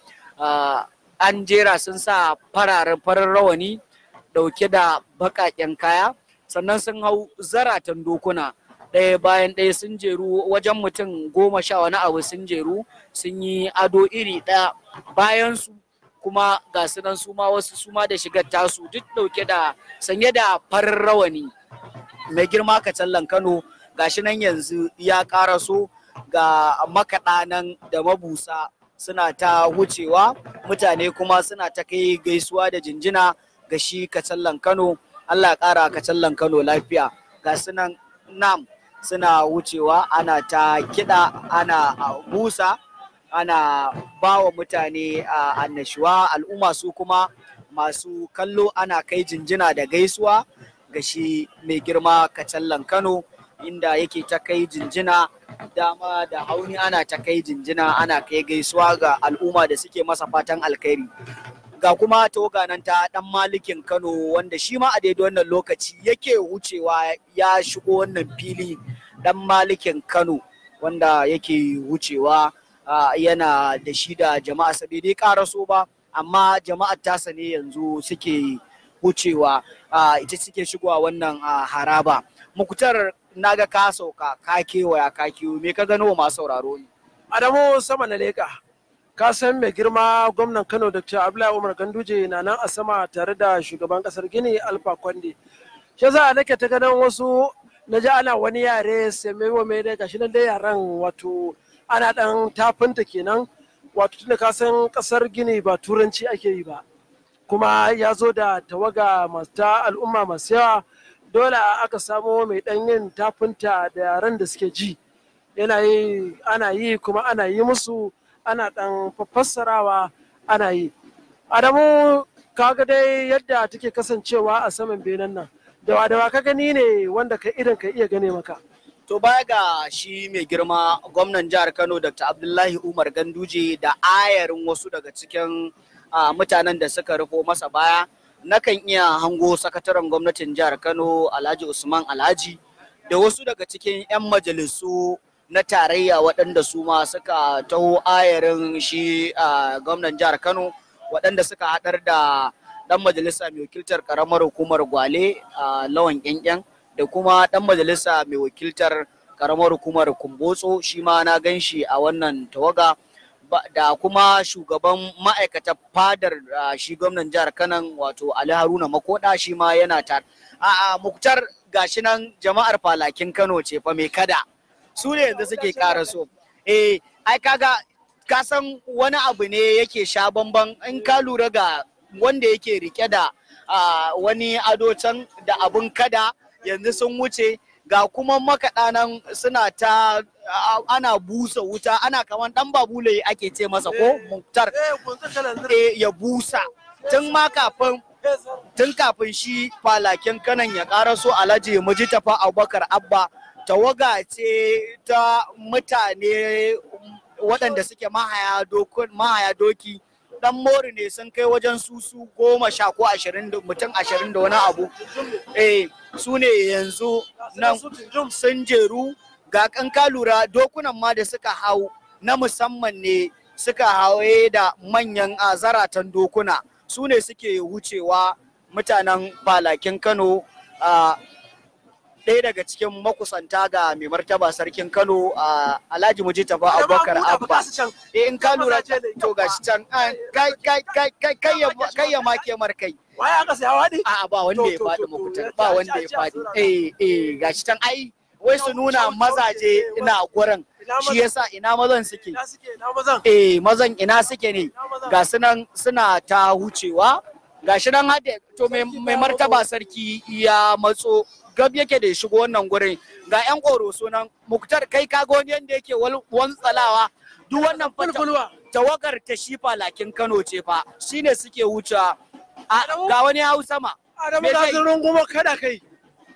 an jera sun sa fararen farar rawani dauke da bakaken kaya sannan sun hau zaratan dokuna ɗaya bayan ɗaya sun jeru wajen mutum goma sha wani abu sun jeru sun yi ado iri ɗaya bayan su kuma ga su su ma wasu su ma da shigar tasu duk dauke da sanye da farin rawani mai girma ka tallan Kano gashi nan yanzu ya so ga makaɗa nan da mabusa suna ta wucewa mutane kuma suna ta kai gaisuwa da jinjina ga shi kacallan Kano Allah ya kara kacallan Kano lafiya ga su nam suna wucewa ana ta kiɗa ana busa ana ba wa mutane annashuwa al'umma su kuma masu kallo ana kai jinjina da gaisuwa ga shi mai girma kacallan kano inda yake ta kai jinjina dama da hauni ana ta kai jinjina ana kai gaisuwa ga al'umma da suke masa fatan alkhairi ga kuma toga nan ta dan malikin kano wanda shi ma a daidai wannan lokaci yake wucewa ya shigo wannan fili dan malikin kano wanda yake wucewa yana da shi da jama'a sabi bai dai karaso ba amma jama'a tasa ne yanzu suke wucewa ita suke shigowa wannan haraba mukutar naga ka sauka ka kewaya ka kiwo me ka gano masu sauraro ne adamu sama na leka ka san mai girma gwamnan kano dr abdullahi umar ganduje na nan a sama tare da shugaban kasar gini alfa kwande shi za a nake ta ganin wasu na ji ana wani yare sai mai mai da gashi nan dai yaran wato ana ɗan tafinta kenan wato tunda ka san ƙasar gini ba turanci ake yi ba kuma ya zo da tawaga masu ta al'umma masu yawa dole aka samo mai ɗan yin tafinta da yaran da suke ji yana yi ana yi kuma ana yi musu ana ɗan fassarawa ana yi adamu kaga dai yadda take kasancewa a saman benen nan da wadawa ka gani ne wanda ka idan ka iya gane maka To baya ga shi mai girma gwamnan jihar Kano Dr. Abdullahi Umar Ganduje da ayarin wasu daga cikin mutanen da suka rufo masa baya, nakan iya hango sakataren gwamnatin jihar Kano Alhaji Usman Alhaji da wasu daga cikin 'yan majalisu na tarayya waɗanda su ma suka taho ayarin shi gwamnan jihar Kano waɗanda suka haɗar da ɗan majalisa mai wakiltar ƙaramar hukumar Gwale Lawan Ƙyanƙyan. da kuma ɗan majalisa mai wakiltar karamar hukumar kumbotso shi ma na gan shi a wannan tawaga da kuma shugaban ma'aikatar fadar shi gwamnan jihar kanan wato ali haruna makoda shi ma yana tar a muktar gashi nan jama'ar falakin kano ce fa mai kada su ne yanzu suke ƙara so eh ai kaga ka san wani abu ne yake sha bamban in ka lura ga wanda yake rike da wani ado can da abun kada yanzu sun wuce ga kuma makaɗa nan suna ta ana busa wuta ana kaman ɗan babule ake ce masa ko eh. muktar eh, eh, ya busa tun ma kafin tun kafin shi falakin kanan ya so alhaji muji tafa abubakar abba tawaga ce ta mutane waɗanda suke mahaya doki dan mori ne sun kai wajen susu goma sha ko ashirin mutum ashirin da wani abu su ne yanzu nan sun jeru ga kanka lura dokunan ma da suka hau na musamman ne suka hawaye da manyan zaratan dokuna su ne suke wucewa mutanen falakin kano a ɗaya daga cikin makusanta ga mai martaba sarkin kano a alhaji mujitaba abubakar abba in ka lura to gashi can kai ya make markai Waya aka sai hawa ne? A'a ba wanda ya faɗi mukutar ba wanda ya faɗi. Eh eh gashi tan ai wai su nuna mazaje ina gurin shi yasa ina mazan suke. Eh mazan ina suke ne ga sunan suna ta hucewa gashi nan hade to mai martaba sarki ya matso gab yake da shigo wannan gurin ga yan koro sunan muktar kai ka ga wani yanda yake wantsalawa duk wannan tawagar ta shifa lakin Kano ce fa shine suke wucewa ga wani ya hau sama Adamu da sun rungumo kada kai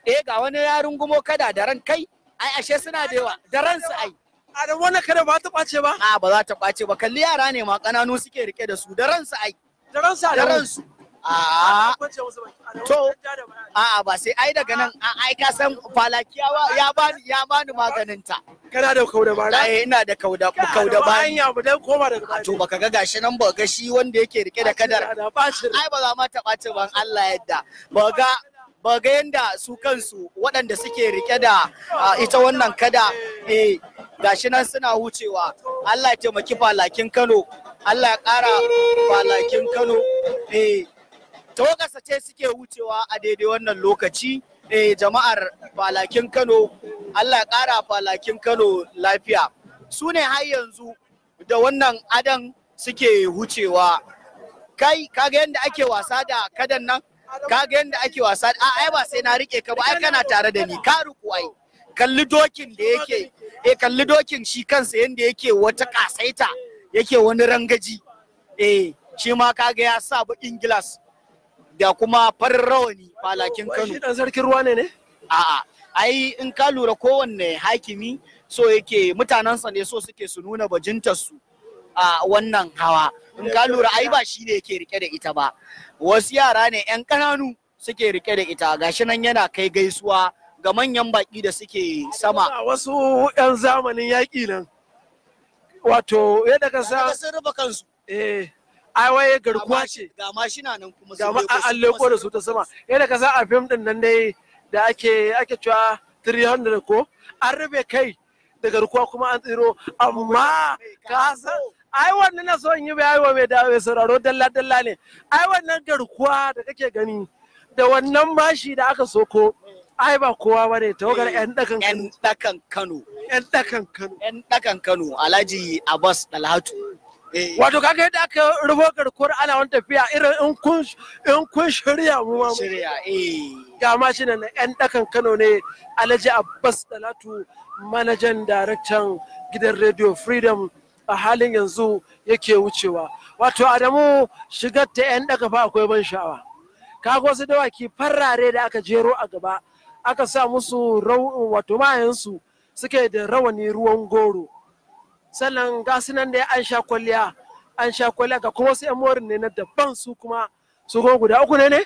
eh ga wani ya rungumo kada da ran kai ai ashe suna da yawa da ran su ai Adamu wannan kada ba ta kwace ba a ba za ta kwace ba kalli yara ne ma kananu suke rike da su da ran su ai da da ran su a'a to a'a ba sai ai daga nan ai ka san falakiyawa ya bani ya bani maganin ta eh, kana da kauda ba eh ina da kauda kauda ba an ya mu dan koma daga to baka ga gashi nan ba ga shi wanda yake rike da kadar ai ba za ma ta bacin ban Allah yadda ba ga ba ga yanda su kansu waɗanda suke rike da ita wannan kada eh gashi nan suna wucewa Allah ya taimaki falakin Kano Allah ya ƙara falakin Kano eh tawagarsa ce suke wucewa a daidai wannan lokaci eh, jama'ar falakin kano allah ƙara falakin kano lafiya su ne har yanzu da wannan adan suke wucewa kai kaga yadda ake wasa da kadan nan kaga yadda ake wasa a ai ba sai na rike ka ba ai kana tare da ni ka ruku ai kalli dokin da yake eh kalli dokin shi kansa yadda yake wata kasaita yake wani rangaji eh shi ma kaga ya sa bakin gilas da kuma farin rawani falakin Kano. Shi dan sarkin ruwa ne ne? A'a, ai in ka lura kowanne hakimi so yake sa ne so suke su nuna bajintarsu a wannan hawa. In ka lura ai ba shi ne yake rike da ita ba. Wasu yara ne 'yan ƙananu suke rike da ita gashi nan yana kai gaisuwa ga manyan baki da suke sama. Wasu 'yan zamanin yaƙi nan. Wato yadda ka sa. Sun rufe kansu. Eh. Aiwaye waye garkuwa ce ga mashina nan kuma ga ma an da su ta sama yadda ka san a fim din nan dai da ake ake cewa 300 ko an rufe kai da garkuwa kuma an tsiro amma ka san ai wannan na so in yi bayani wa mai dawo sauraro dalla dalla ne ai wannan garkuwa da kake gani da wannan bashi da aka soko ai ba kowa ba ne tawagar 'yan eh, ɗakan Kano. 'yan dakan Kano. 'yan dakan Kano. 'yan dakan Kano Alhaji Abbas Dalhatu. Eh. wato kaga yadda aka rubo garkuwar ana wani tafiya irin in kun in kun shirya mu ma shirya eh ga na yan dakan Kano ne Alhaji Abbas Dalatu manajan daraktan gidan Radio Freedom a halin yanzu yake wucewa wato Adamu shigar ta yan daka fa akwai ban sha'awa kaga wasu dawaki farare da aka jero a gaba aka sa musu wato mayansu suke da rawani ruwan goro sannan gasu nan da an sha kwalliya an sha kwalliya ga kuma wasu 'yan morin ne na daban su kuma su kuma guda uku ne ne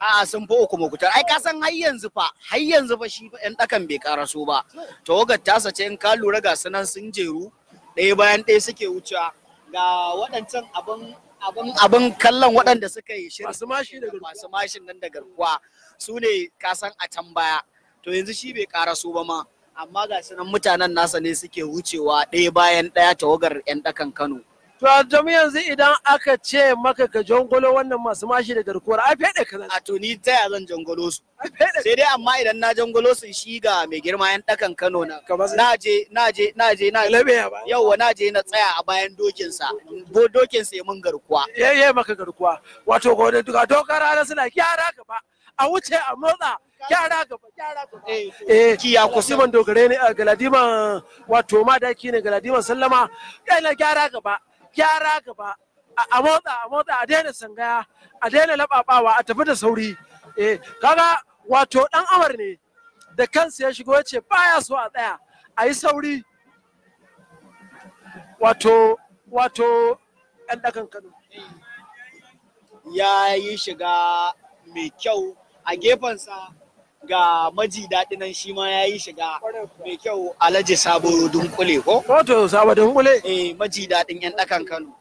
a'a sun fi uku mukutar ai ka san har yanzu fa har yanzu fa shi yan dakan bai su ba tawagar tasa ce in ka lura ga nan sun jeru ɗaya bayan ɗaya suke wucewa ga waɗancan abin abin abin kallon waɗanda suka yi shirin masu mashi da masu mashin nan da garkuwa su ne ka san a can baya to yanzu shi bai su ba ma amma ga sunan mutanen nasa ne suke wucewa ɗaya bayan ɗaya tawagar 'yan ɗakan Kano. To jami yanzu idan aka ce maka ka jangolo wannan masu mashi da garkuwar a fede ka A to ni ta ya zan jangolo su. Sai dai amma idan na jangolo su shi ga mai girma yan ɗakan Kano na. Na je na je na je na yauwa na je na tsaya a bayan dokinsa. Bo dokinsa ya mun garkuwa. Ya maka garkuwa. Wato ga dokar rana suna gyara gaba. a wuce a motsa gyara gaba gyara gaba eh, eh kiya man dogare ne eh, galadiman wato madaki ne galadiman sallama yana eh, gyara gaba gyara gaba a motsa a motsa a daina sangaya a daina lababawa a tafi da sauri eh kaga wato dan amar ne da kansa ya shigo ya ce baya so a tsaya a yi sauri wato wato yan dakan kano ya yi shiga mai kyau a gefensa ga maji daɗi nan shi ma ya yi shiga mai kyau alhaji sabo dunkule ko? Wato sabo dunkule? Eh maji daɗin yan ɗakan Kano.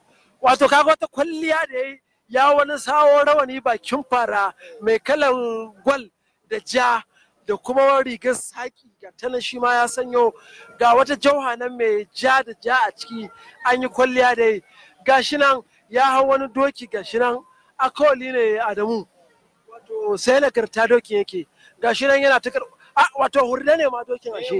Wato kaga wata kwalliya da ya ya wani sawo rawani bakin fara mai kalan gwal da ja da kuma rigar saki ga tana shi ma ya sanyo ga wata jauha nan mai ja da ja a ciki an yi kwalliya da ga shi nan ya hau wani doki ga shi nan akawali ne Adamu. sai na karta dokin yake gashi nan yana ta wato hurde ne ma dokin ashe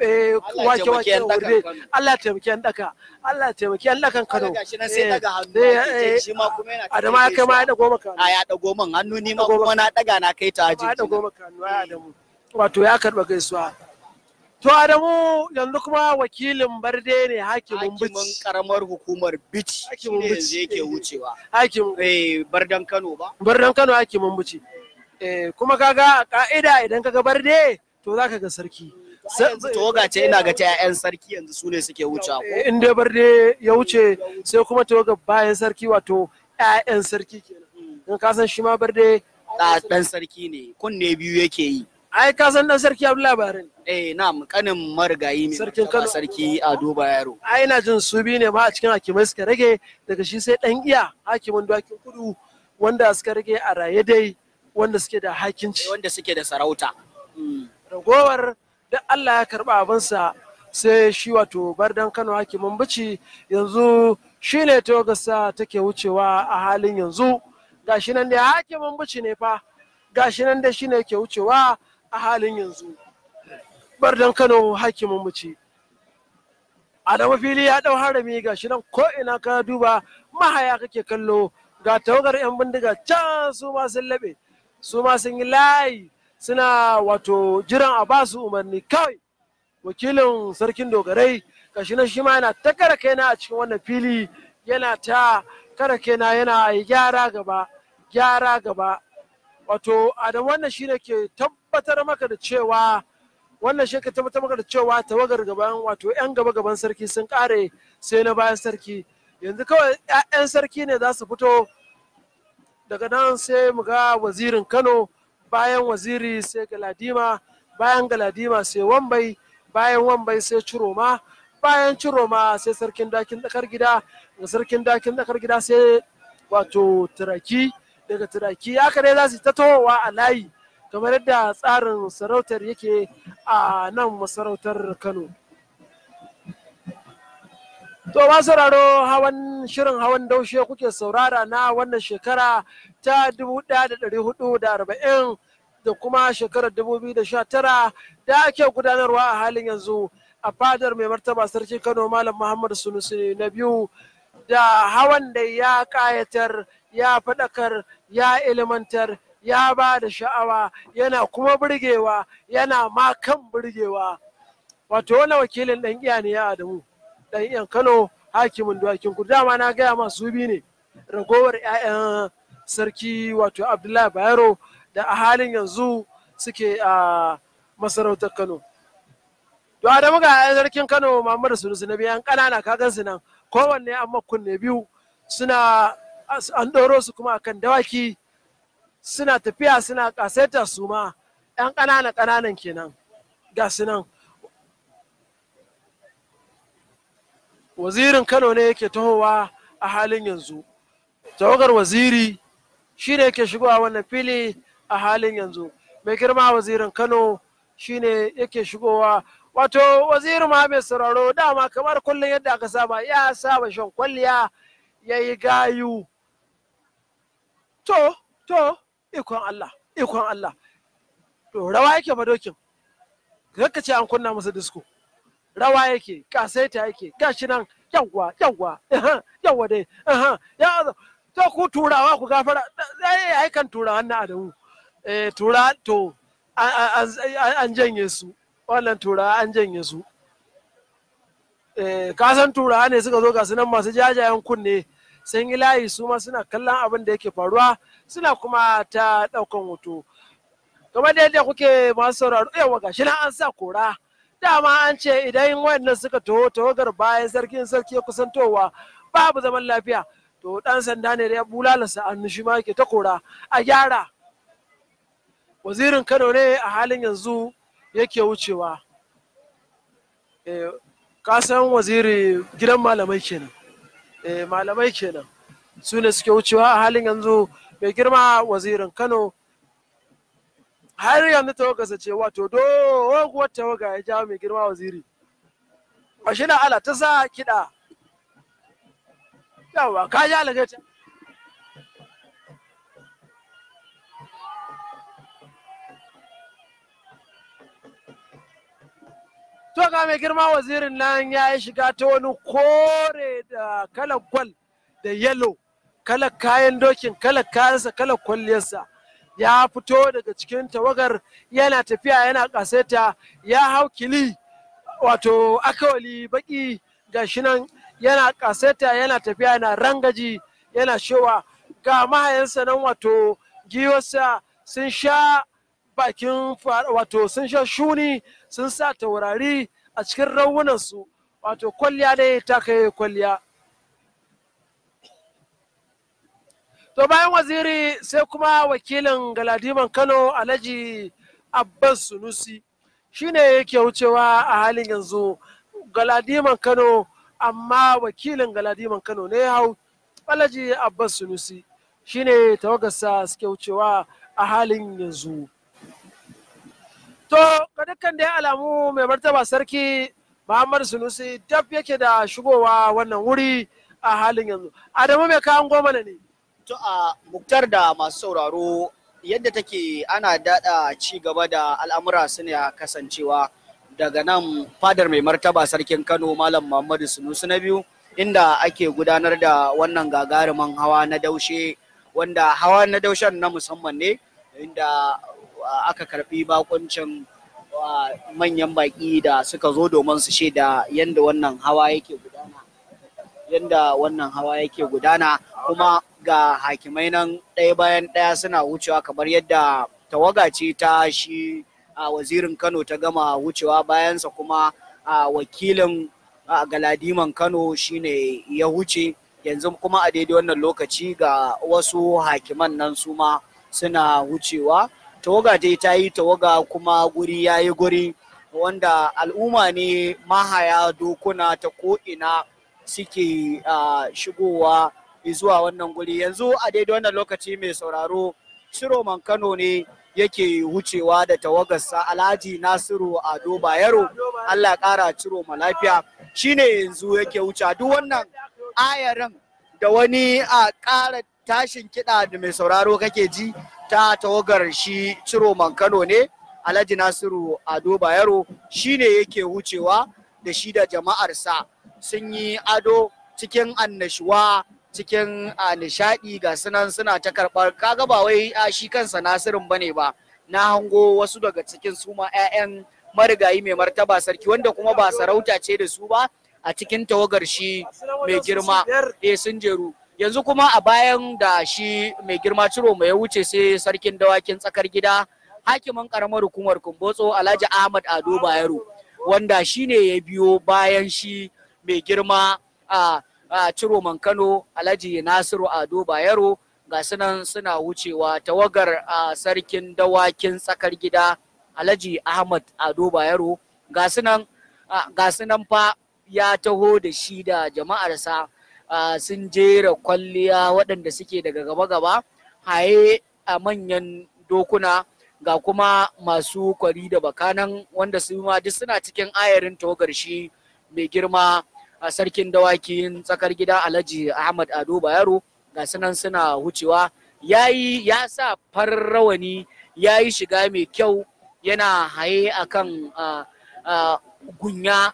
eh wake wake hurde eh, Allah ya taimaki yan daka Allah ya taimaki yan dakan Kano gashi nan sai eh, daga hannu eh, shi ma kuma yana Adama ya kai ma ya dago maka a ya dago min hannu ni ma kuma na daga na kai ta ajin ya dago maka hannu ya Adamu wato ya karba gaisuwa To Adamu yanzu kuma wakilin barde ne hakimin bici. Hakimin karamar hukumar bici. Hakimin bici. Yanzu yake wucewa. Hakimin. Eh bardan Kano ba. Bardan Kano hakimin bici. Eh, kuma kaga ka'ida idan kaga barde to ka ga sarki tawaga ce ina ga ta 'ya'yan sarki yanzu su ne suke wuce ko eh, in dai barde ya wuce sai kuma ga bayan sarki wato 'ya'yan sarki kenan hmm. in ka san shi ma barde dan sarki ne kunne biyu yake yi ai ka san dan sarki abu labarin eh mu kanin marigayi ne sarki kano sarki duba yaro. ai ina jin su biyu ne ma a cikin hakimai suka rage daga shi sai dan iya hakimin dokin kudu wanda suka rage a raye dai wanda suke da hakinci eh, wanda suke da sarauta hmm. ragowar da Allah ya karba abinsa sai shi wato bardan Kano hakimin bici yanzu shi ne ta take wucewa a halin yanzu gashi nan da hakimin bici ne fa gashi nan da shi ne ke wucewa a halin yanzu bardan Kano hakimin bici Adamu fili ya dau harami gashi nan ko ina ka duba mahaya kake kallo ga tawagar 'yan bindiga can su ma sun laɓe su ma sun yi layi suna wato jiran a ba su umarni kawai wakilin sarkin dogarai kashi na shi ma yana ta kara kaina a cikin wannan fili yana ta kara na yana gyara gaba gyara gaba wato adam wannan shi ne ke tabbatar maka da cewa wannan shi ke tabbatar maka da cewa tawagar gaban wato yan gaba gaban sarki sun kare sai na bayan sarki yanzu kawai 'ya'yan sarki ne za su fito daga nan sai mu ga wazirin kano bayan waziri sai galadima bayan galadima sai wambai bayan wambai sai ciroma bayan ciroma sai sarkin dakin tsakar gida daga sarkin dakin tsakar gida sai wato turaki daga turaki ya kare za su ta a layi kamar yadda tsarin sarautar yake a nan masarautar kano To ma sauraro hawan shirin hawan daushe kuke saurara na wannan shekara ta 1440 da kuma shekarar 2019 da ake gudanarwa a halin yanzu a fadar mai martaba sarki Kano Malam Muhammad Sunusi na biyu da hawan da ya kayatar ya fadakar, ya ilimantar ya ba da sha'awa yana kuma burgewa yana makan kan burgewa wato wani wakilin ɗan iya ne ya adamu. Ɗan yan Kano hakimin duwakin ku dama na gaya masu bi ne ragowar ƴaƴan sarki wato Abdullahi Bayero da a halin yanzu suke a masarautar Kano. To a damuka a sarkin Kano Muhammadu Sunusu na biyan ƙanana kagan su nan kowanne an makunne biyu suna an ɗoro su kuma akan dawaki suna tafiya suna ƙasaita su ma 'yan ƙanana ƙananan kenan ga su nan. wazirin kano ne yake tahowa a halin yanzu tawagar waziri shi ne yake shigowa wannan fili a halin yanzu mai girma wazirin kano shi ne yake shigowa wato waziri ma mai sauraro dama kamar kullum yadda aka saba ya saba shan kwalliya ya yi gayu to to ikon allah ikon allah to rawa yake madokin ka ce an kunna masa disko rawa yake kaseta yake gashi nan yawwa yawwa yawwa dai ya to ku turawa ku gafara ai eh, ai kan turawa na adamu eh tura to an janye su wannan turawa an janye su eh san turawa ne suka zo ga sunan masu jajayen kunne sun yi layi su ma suna kallon abin da yake faruwa suna kuma ta daukan hoto kamar da yadda kuke masu sauraro yawa gashi nan an sa kora dama an ce idan wayannan suka taho tawagar bayan sarkin sarki ya kusantowa babu zaman lafiya to dan sanda ne da ya sa an shi ma yake ta kora a gyara wazirin kano ne a halin yanzu yake wucewa eh kasan waziri gidan malamai kenan eh malamai kenan su ne suke wucewa a halin yanzu mai girma wazirin kano har yanzu tawagarsa ce wato doguwar tawaga ya jawo mai girma waziri a shi na ala ta sa kiɗa yawa ka ji alagaita to ga mai girma wazirin nan ya yi shiga ta wani kore da kalar gwal da yalo kalar kayan dokin kalar kayansa kalar kwalliyarsa ya fito daga cikin tawagar yana tafiya yana kaseta ya hau kili wato akawali baki gashi nan yana kaseta yana tafiya yana rangaji yana shewa ga mahayansa nan wato giyosa sun sha bakin wato sun sha shuni sun sa taurari a cikin raunansu wato kwalliya dai ta kai kwalliya to bayan waziri sai kuma wakilin galadiman kano alhaji abbas sunusi shine yake wucewa a halin yanzu galadiman kano amma wakilin galadiman kano ne hau alhaji abbas sunusi shine tawagarsa suke wucewa a halin yanzu to ga dukkan dai alamu mai martaba sarki muhammad sunusi dab yake da shigowa wannan wuri a halin yanzu adamu mai kayan goma ne To a muktar da masu sauraro yadda take ana daɗa ci gaba da al'amura suna kasancewa daga nan fadar mai martaba sarkin Kano Malam Muhammadu Sunusu na biyu inda ake gudanar da wannan gagarumin hawa na daushe wanda hawa na daushen na musamman ne inda aka karbi bakuncin manyan baƙi da suka zo domin su shaida yadda wannan hawa yake gudana yadda wannan hawa yake gudana kuma ga hakimai nan ɗaya bayan ɗaya suna wucewa kamar yadda tawaga ce ta shi a wazirin kano ta gama wucewa bayansa kuma a wakilin galadiman kano shine ya wuce yanzu kuma a daidai wannan lokaci ga wasu hakiman nan su ma suna wucewa tawaga dai ta yi tawaga kuma guri ya yi guri wanda al'umma ne mahaya dokuna ta ko'ina suke shigowa zuwa wannan guri yanzu a daidai wannan lokaci mai sauraro man Kano ne yake wucewa da tawagarsa Alhaji Nasiru Ado Bayero Allah kara ciro ma lafiya shine yanzu yake wucewa duk wannan ayarin da wani a ƙara tashin kiɗa da mai sauraro kake ji ta tawagar shi Ciro man Kano ne Alhaji Nasiru Ado Bayero shine yake wucewa da shi da jama'arsa sun yi ado cikin annashuwa cikin a nishadi ga sunan suna ta karbar. kaga ba wai a shi kansa nasirin bane ba na hango wasu daga cikin su ma 'ya'yan marigayi mai martaba sarki wanda kuma ba sarauta ce da su ba a cikin tawagar shi mai girma eh sun jeru yanzu kuma a bayan da shi mai girma ciro mai wuce sai sarkin dawakin tsakar gida hakimin karamar hukumar kumbotso alhaji ahmad ado bayero wanda shi ne ya biyo bayan shi mai girma a ciro man kano alhaji nasiru ado bayero ga sunan suna wucewa tawagar sarkin dawakin tsakar gida alhaji ahmad ado bayero ga sunan fa ya taho da shi da jama'arsa sun jera kwalliya waɗanda suke daga gaba-gaba haye a manyan dokuna ga kuma masu kwari da bakanan wanda su ma duk suna cikin ayarin tawagar shi mai girma a sarkin dawakin tsakar gida alhaji ahmad ado bayero ga sunan suna wucewa ya yi ya sa farar rawani ya yi shiga mai kyau yana haye akan gunya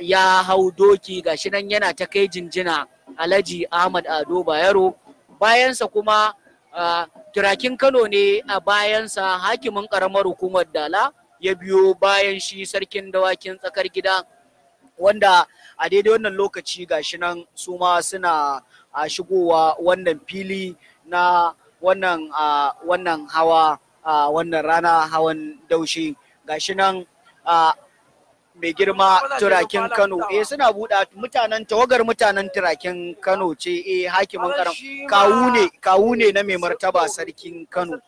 ya hau doki gashi nan yana ta kai jinjina alhaji ahmad ado bayero bayansa kuma turakin kano ne a bayansa hakimin karamar hukumar dala ya biyo bayan shi sarkin dawakin tsakar gida wanda a daidai wannan lokaci gashi nan su ma suna a shigowa wannan fili na wannan wannan hawa wannan rana hawan daushe gashi nan mai girma turakin Kano eh suna buɗa mutanen tawagar mutanen turakin Kano ce eh hakimin karam kawu ne kawu ne na mai martaba sarkin Kano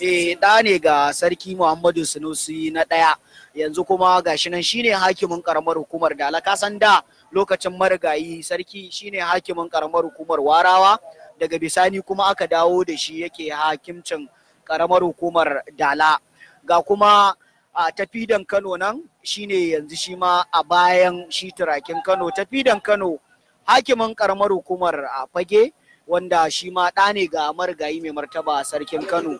eh da ne ga sarki Muhammadu Sunusi na ɗaya yanzu kuma gashi nan shine hakimin karamar hukumar dala san da lokacin marigayi sarki shine hakimin karamar hukumar warawa daga bisani kuma aka dawo da shi yake hakimcin karamar hukumar dala ga kuma a tafidan kano nan shine yanzu shi ma a bayan shi turakin kano tafidan kano hakimin karamar hukumar a fage wanda shi ma ɗa ne ga marigayi mai martaba sarkin kano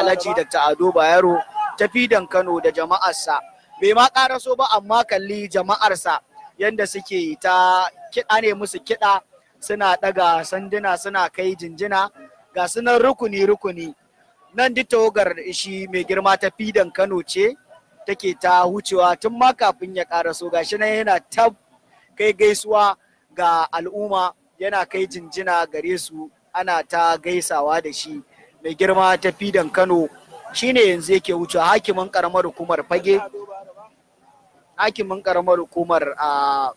alhaji dr ado bayero tafidan kano da jama'arsa bai ma so ba amma kalli jama'arsa yadda suke ta kiɗa ne musu kiɗa suna ɗaga sanduna suna kai jinjina ga sunan rukuni rukuni nan duk tawagar shi mai girma ta fidan kano ce take ta wucewa tun ma kafin ya so. gashi nan yana ta kai gaisuwa ga al'umma yana kai jinjina gare su ana ta gaisawa da shi mai girma ta fidan kano shine yanzu yake wucewa hakimin karamar hukumar fage hakimin karamar hukumar a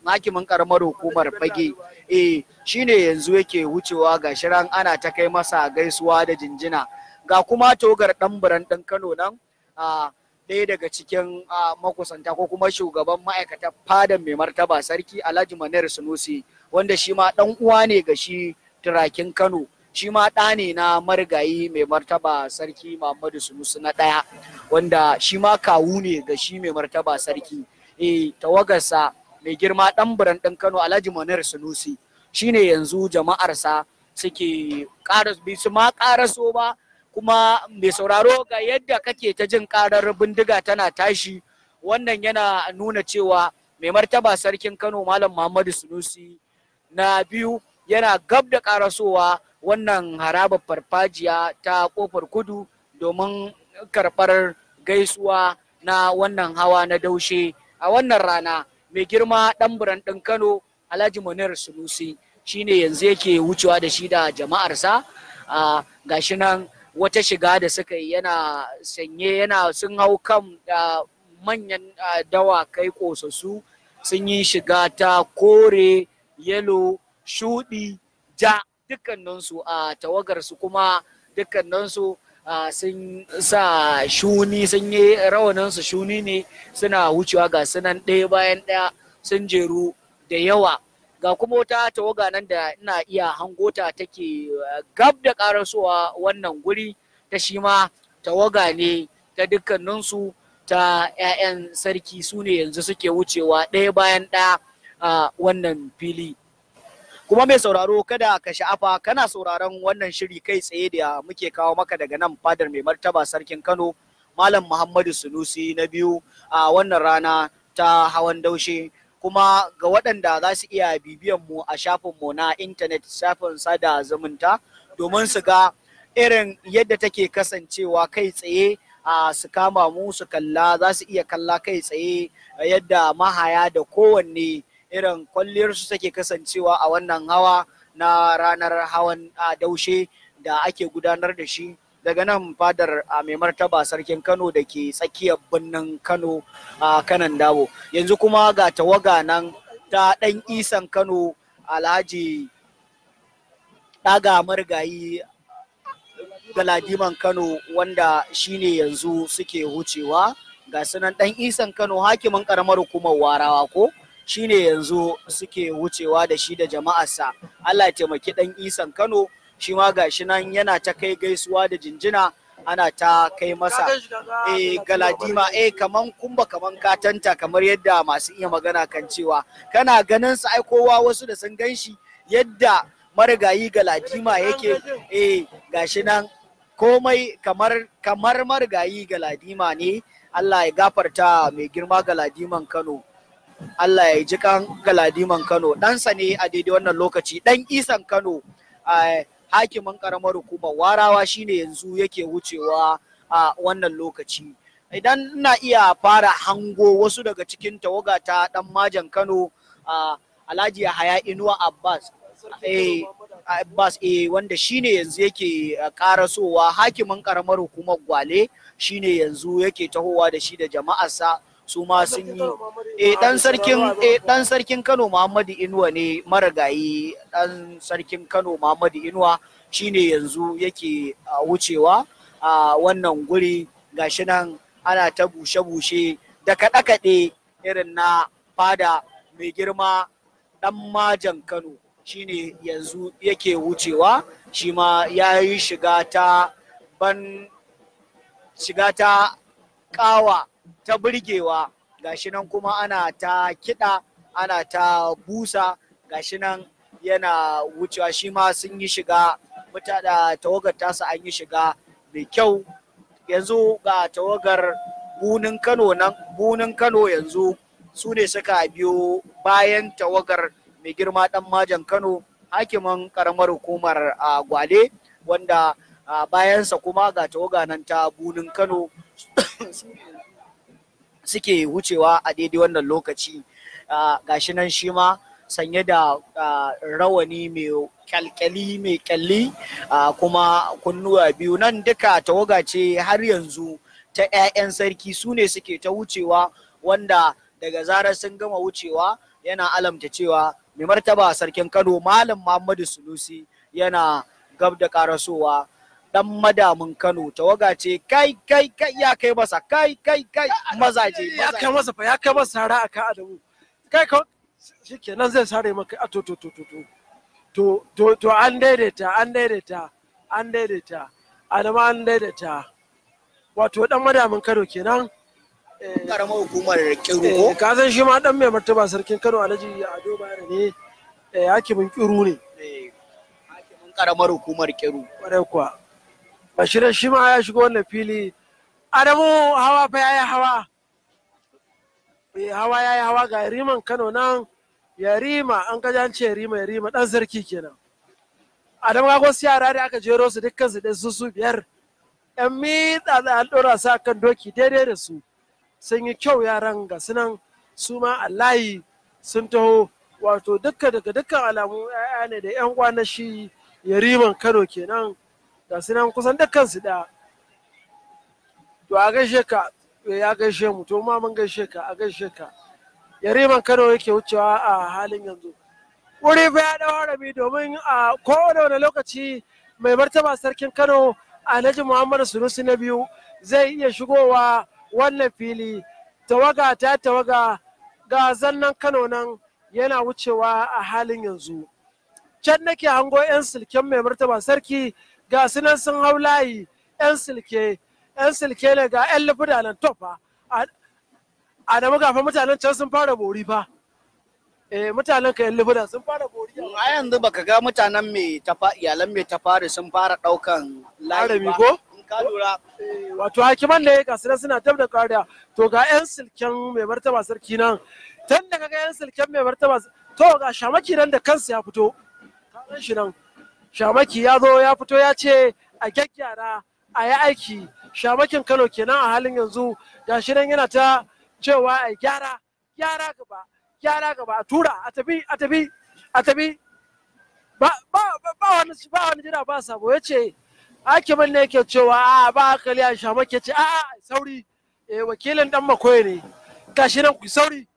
hakimin karamar hukumar fage eh shine yanzu yake wucewa ga shiran ana ta kai masa gaisuwa da jinjina ga kuma togar dan ɗan Kano nan a ɗaya daga cikin makusanta ko kuma shugaban ma'aikatan fadan mai martaba sarki Alhaji Manar Sunusi wanda shi ma dan uwa ne ga shi turakin Kano shi ma ɗa ne na marigayi mai martaba sarki Muhammadu Sunusi na ɗaya wanda shi ma kawu ne ga shi mai martaba sarki eh tawagarsa mai girma dan buran ɗin Kano Alhaji Manar Sunusi shine yanzu jama'arsa suke ƙara su ma ƙaraso ba kuma mai sauraro ga yadda kake ta jin karar bindiga tana tashi wannan yana nuna cewa mai martaba sarkin kano malam muhammadu sunusi na biyu yana gab da karasowa wannan harabar farfajiya ta kofar kudu domin karɓar gaisuwa na wannan hawa na daushe a wannan rana mai girma ɗan buran ɗin Kano Alhaji Munir Sunusi shine yanzu yake wucewa da shi da jama'arsa a gashi nan wata shiga da suka yi yana sanye yana sun hau kan manyan dawakai kosassu sun yi shiga ta kore yalo shudi, ja dukkaninsu a tawagarsu kuma dukkaninsu Ah, sun sa shuni sun yi rawaninsu shuni ne suna wucewa ga sunan ɗaya bayan ɗaya sun jeru da yawa ga kuma wata tawaga nan da ina iya hangota take eh, gab da karasowa wannan guri ta shi ma tawaga ne ta dukkaninsu ta 'ya'yan sarki su ne yanzu suke wucewa ɗaya bayan ɗaya a wannan fili kuma mai sauraro kada ka sha'afa kana sauraron wannan shiri kai tsaye da muke kawo maka daga nan fadar mai martaba sarkin kano malam muhammadu sunusi na biyu a wannan rana ta hawan daushe kuma ga waɗanda za su iya bibiyan mu a shafin mu na intanet shafin sada zumunta domin su ga irin yadda take kasancewa kai tsaye a su kama mu su kalla za su iya kalla kai tsaye yadda mahaya da kowanne irin kwalliyarsu take kasancewa a wannan hawa na ranar hawan daushe da ake gudanar da shi daga nan fadar a mai martaba sarkin kano da ke tsakiyar birnin kano a kanan dawo yanzu kuma ga tawaga nan ta ɗan isan kano alhaji ɗaga marigayi galadiman kano wanda shine yanzu suke hucewa ga sunan ɗan isan kano hakimin ƙaramar hukumar warawa ko shine yanzu suke wucewa da shi da jama'arsa Allah ya taimaki dan isan Kano shi ma gashi nan yana ta kai gaisuwa da jinjina ana ta kai masa eh galadima eh kaman kumba kaman katanta kamar yadda masu iya magana kan cewa kana ganin sa ai kowa wasu da sun ganshi yadda marigayi galadima yake eh gashi nan komai kamar kamar marigayi galadima ne Allah ya gafarta mai girma galadiman Kano Allah ya ji kan galadiman Kano ɗansa ne a daidai wannan lokaci ɗan isan Kano hakimin karamar hukuma warawa shine yanzu yake wucewa a wannan lokaci idan ina iya fara hango wasu daga cikin tawaga ta ɗan majan Kano Alhaji Yahaya Inuwa Abbas eh, Abbas eh wanda shine yanzu yake karasowa eh, hakimin ƙaramar hukumar Gwale shine yanzu yake tahowa da shi da jama'arsa Suma ma sun yi eh, eh dan sarkin Kano Muhammadu Inuwa ne marigayi dan sarkin Kano Muhammadu Inuwa shine yanzu yake wucewa a wannan guri gashi nan ana ta bushe-bushe da kaɗe-kaɗe irin na fada mai girma ɗan majan Kano shine yanzu yake wucewa shi ma ya yi shiga ta ban shiga ta ƙawa ta burgewa gashi nan kuma ana ta kiɗa ana ta busa gashi nan yana wucewa shi ma sun yi shiga mutane tawagar tasa an yi shiga mai kyau yanzu ga tawagar bunin kano nan bunin kano yanzu su ne suka biyo bayan tawagar mai girma dan majan kano hakiman karamar hukumar gwale wanda bayansa kuma ga tawaga nan ta bunin kano suke wucewa a daidai wannan lokaci gashi nan shi ma sanye da rawani mai kyalkyali mai kyalli kuma kunnuwa biyu nan duka tawaga ce har yanzu ta 'ya'yan sarki su ne suke ta wucewa wanda daga zarar sun gama wucewa yana alamta cewa mai martaba sarkin kano malam muhammadu sunusi yana gab da karasowa dan madamin Kano tawaga ce kai kai kai ya kai masa kai kai kai mazaje ya kai masa fa ya kai masa ra aka adamu kai ka shikenan zai sare maka a to to to to to to to an daidaita an daidaita an daidaita adama an daidaita wato dan madamin Kano kenan eh, karamar hukumar kiru ko eh, ka san shi ma dan mai martaba sarkin Kano Alhaji Ado Bayero ne eh, hakimin kiru ne hakimin karamar hukumar kiru kwarai kuwa Bashirin shi ma ya shigo wannan fili. Adamu hawa fa ya yi hawa. Eh, hawa ya yi hawa ga Riman Kano nan. Ya Rima an gaji an ce Rima ya Rima ɗan sarki kenan. Adamu ga wasu yara da aka jero su dukkan su su su biyar. ‘Yan mitsa da an dora su kan doki daidai da su. Sun yi kyau yaran ga sunan su ma Allahi sun taho wato dukkan daga dukkan alamu ‘ya'ya ne da ‘yan kwana shi Yariman Kano kenan. ga su nan kusan da kansu da to a gaishe ka eh, ya gaishe mu to ma mun gaishe ka a gaishe ka yariman kano yake wucewa a halin yanzu wuri fa ya dawo rabi domin a kowane wani lokaci mai martaba sarkin kano alhaji muhammadu sunusi na biyu zai iya shigowa wannan fili tawaga ta tawaga ga zannan kano nan yana wucewa a halin yanzu can nake hango 'yan silken mai martaba sarki ga su nan sun hau layi 'yan silke 'yan silke ne ga 'yan lufuda nan top a da magafa mutanen can sun fara bori fa eh mutanen ka 'yan lufuda sun fara bori a yanzu baka ga mutanen mai tafa iyalan mai tafari sun fara daukan layi ba ko ka lura eh, wato hakiman ne ga su suna tab da kariya to ga 'yan silken mai martaba sarki nan tun da ga 'yan silken mai martaba to ga shamaki nan da kansa ya fito ka shi nan shamaki ya zo ya fito ya ce a gyaggyara a yi aiki shamakin kano kenan a halin yanzu ga shi nan yana ta cewa a gyara gyara gaba gyara gaba a tura a tafi a tafi a tafi ba wani ba wani jira ba sabo ya ce hakimin ne ke cewa a ba hankali a shamaki ya ce a sauri eh wakilin dan makoye ne shi nan ku sauri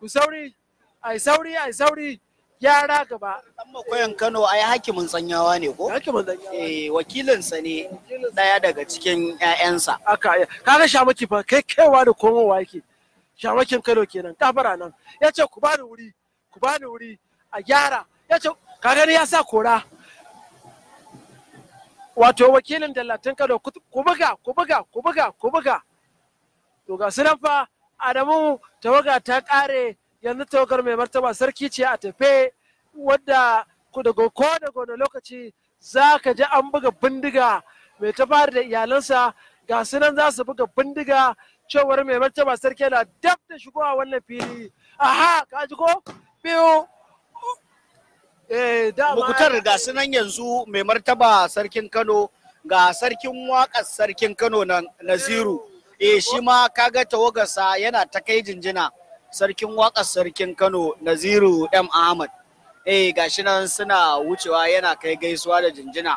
ku sauri ai sauri ai sauri gyara gaba. Dan makoyan Kano ai hakimin tsanyawa ne ko? Hakimin tsanyawa. Eh wakilinsa ne daya daga cikin ƴaƴansa. Aka kaga shamaki fa kai kaiwa da komowa yake. Shamakin Kano kenan kafara nan. Ya ce ku bani wuri, ku bani wuri a gyara. Ya ce gani ya sa kora. Wato wakilin dallatin Kano ku buga, ku buga, ku buga, ku buga. To ga su nan fa Adamu tawaga ta kare yanzu tawagar mai martaba sarki ce a tafe wadda ko da gona lokaci za ka ji an buga bindiga mai tafari da iyalansa ga sunan za su buga bindiga cewar mai martaba sarki yana dab da shigo a wannan fili aha ka ji ko biyu eh, Mukutar ga sunan yanzu mai martaba sarkin Kano ga sarkin wakas sarkin Kano na Naziru. Eh shi ma kaga tawagarsa yana ta kai jinjina. sarkin wakar sarkin Kano Naziru M Ahmad eh gashi nan suna wucewa yana kai gaisuwa da jinjina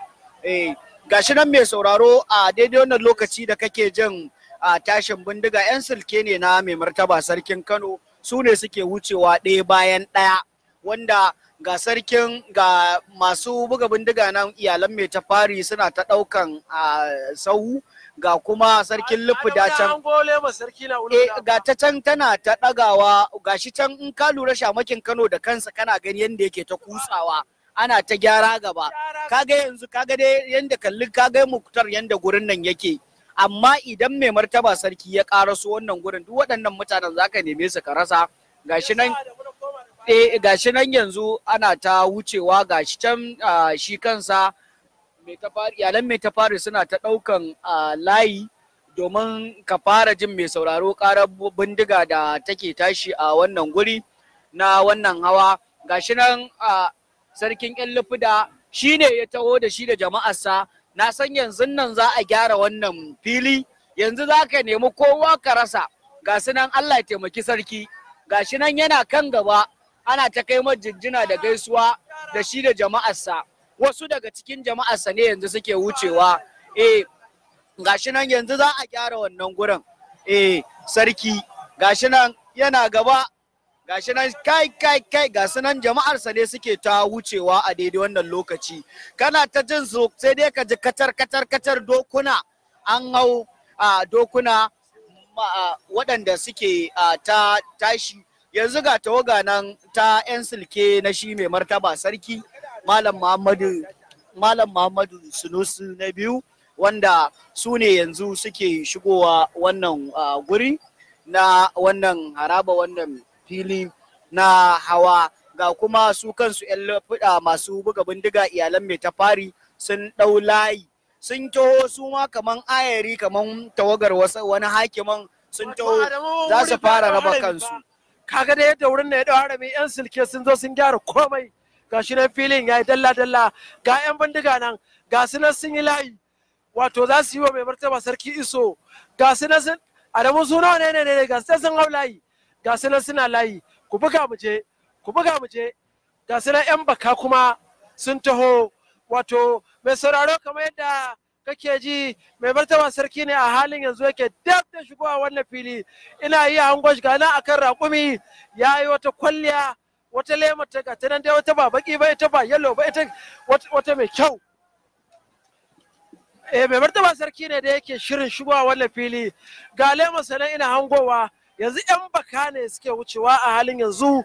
eh gashi nan mai sauraro a daidai wannan lokaci da kake jin a tashin bindiga yan silke ne na mai martaba sarkin Kano su ne suke wucewa ɗaya bayan ɗaya wanda ga sarkin ga masu buga bindiga nan iyalan mai tafari suna ta ɗaukan a sahu ga kuma sarkin lufu da can eh, ga ta can tana ta ɗagawa ga shi can in ka lura shamakin kano da kansa kana gani yadda yake ta kusawa ana ta gyara gaba kaga yanzu kaga dai yadda kallin kaga muktar yadda gurin nan yake amma idan mai martaba sarki ya karaso wannan gurin duk waɗannan mutanen zaka neme su ka rasa gashi nan eh, nan yanzu ana ta wucewa gashi can ah, shi kansa mai fara iyalan mai tafari suna ta ɗaukan layi domin ka fara jin mai sauraro karar bindiga da take tashi a wannan guri na wannan hawa gashi nan sarkin yan lufuda shi ne ya taho da shi da jama'arsa na san yanzu nan za a gyara wannan fili yanzu za ka nemi kowa ka rasa ga nan allah taimaki sarki gashi nan yana kan gaba ana ta kai jinjina da gaisuwa da shi da jama'arsa wasu daga cikin jama'arsa ne yanzu suke wucewa eh gashi nan yanzu za a gyara wannan gurin eh sarki gashi nan yana gaba gashi nan kai kai kai gasu nan jama'arsa ne suke ta wucewa a daidai wannan lokaci kana ta jin su sai dai ka ji katar katar katar dokuna an hau a dokuna waɗanda suke ta tashi yanzu ga tawaga nan ta 'yan silke na shi mai martaba sarki malam muhammadu malam muhammadu sunusu na biyu wanda su ne yanzu suke shigowa wannan guri na wannan haraba wannan fili na hawa ga kuma su kansu 'yan lafuda masu buga bindiga iyalan mai tafari sun ɗau layi sun taho su ma kaman ayari kaman tawagar wani hakiman sun taho za su fara raba kansu kaga da yadda wurin da ya ɗau harami 'yan silke sun zo sun gyara komai ga shi nan filin ya yi dalla-dalla ga 'yan bindiga nan ga su nan sun yi layi wato za su yi wa mai martaba sarki iso ga su nan sun adamu su nawa ne ne ne ga su sun hau layi ga su nan suna layi ku buga mu je ku buga mu je ga su nan 'yan baka kuma sun taho wato mai sauraro kamar yadda kake ji mai martaba sarki ne a halin yanzu yake dab da shigowa wannan fili ina iya hangon shi ga nan akan raƙumi ya yi wata kwalliya wata lema ta ga ta nan dai wata ba baki ba ita ba yellow ba ita wata mai kyau eh mai martaba sarki ne da yake shirin shigowa wannan fili ga lema sanan ina hangowa yanzu yan baka ne suke wucewa a halin yanzu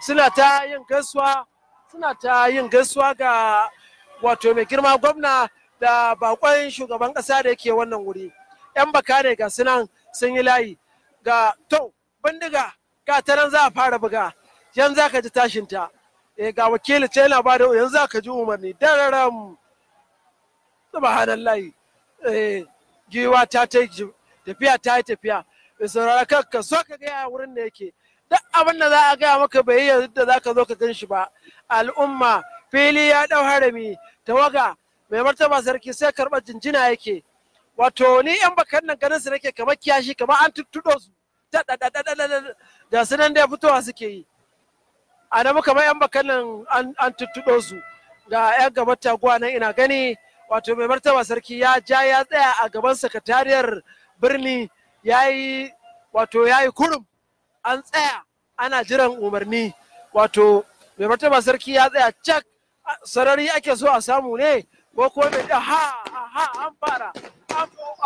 suna ta yin gaisuwa suna ta yin gaisuwa ga wato mai girma gwamna da bakon shugaban kasa da yake wannan wuri yan baka ne ga sunan sun yi layi ga to bindiga ga ta nan za a fara buga yanzu za ka ji tashin ta eh ga wakili ce yana bada yanzu za ka ji umarni dararam subhanallahi eh giwa ta ta tafiya ta yi tafiya mai saurara kanka so ka gaya wurin da yake duk abin da za a gaya maka bai yi da za ka zo ka ganshi shi ba al'umma fili ya ɗau harami tawaga mai martaba sarki sai karɓar jinjina yake wato ni yan bakan nan ganin su nake kamar kiyashi kamar an tuttuɗo su da su nan da fitowa suke yi a na muka mai yan nan an tuttuɗo su ga yan gaban taguwa nan ina gani wato mai martaba sarki ya ja ya tsaya a gaban sakatariyar birni yayi wato ya yi kurum an tsaya ana jiran umarni wato mai martaba sarki ya tsaya cak sarari ake so a samu ne ko kuma mai ha ha an fara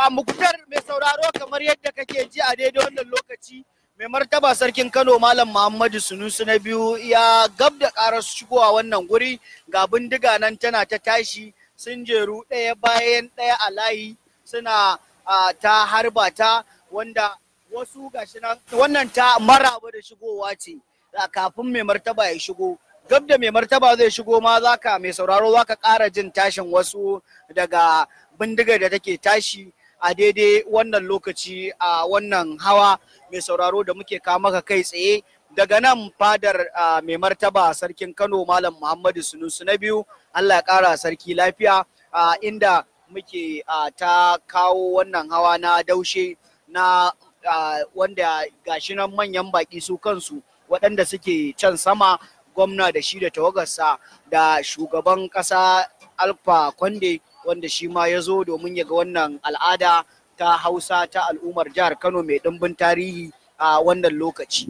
a muktar mai sauraro kamar yadda kake ji a daidai wannan lokaci mai martaba sarkin kano malam muhammadu sunusu na biyu ya gab da karar shigowa wannan guri ga bindiga nan tana ta tashi sun jeru ɗaya bayan ɗaya a layi suna ta harba ta wanda wasu gashi nan wannan ta maraba da shigowa ce kafin mai martaba ya shigo gab da mai martaba zai shigo ma zaka mai sauraro zaka ƙara jin tashin wasu daga bindiga da take tashi a daidai wannan lokaci a wannan hawa mai sauraro da muke kawo maka kai tsaye daga nan fadar mai martaba sarkin kano malam muhammadu sunusu na biyu allah ya kara sarki lafiya inda muke ta kawo wannan hawa na daushe na wanda gashi nan manyan baki su kansu waɗanda suke can sama gwamna da shi da tawagarsa da shugaban ƙasa alfa kwande wanda shi ma ya zo domin ya ga wannan al'ada ta hausa ta al'ummar jihar kano mai ɗimbin tarihi a wannan lokaci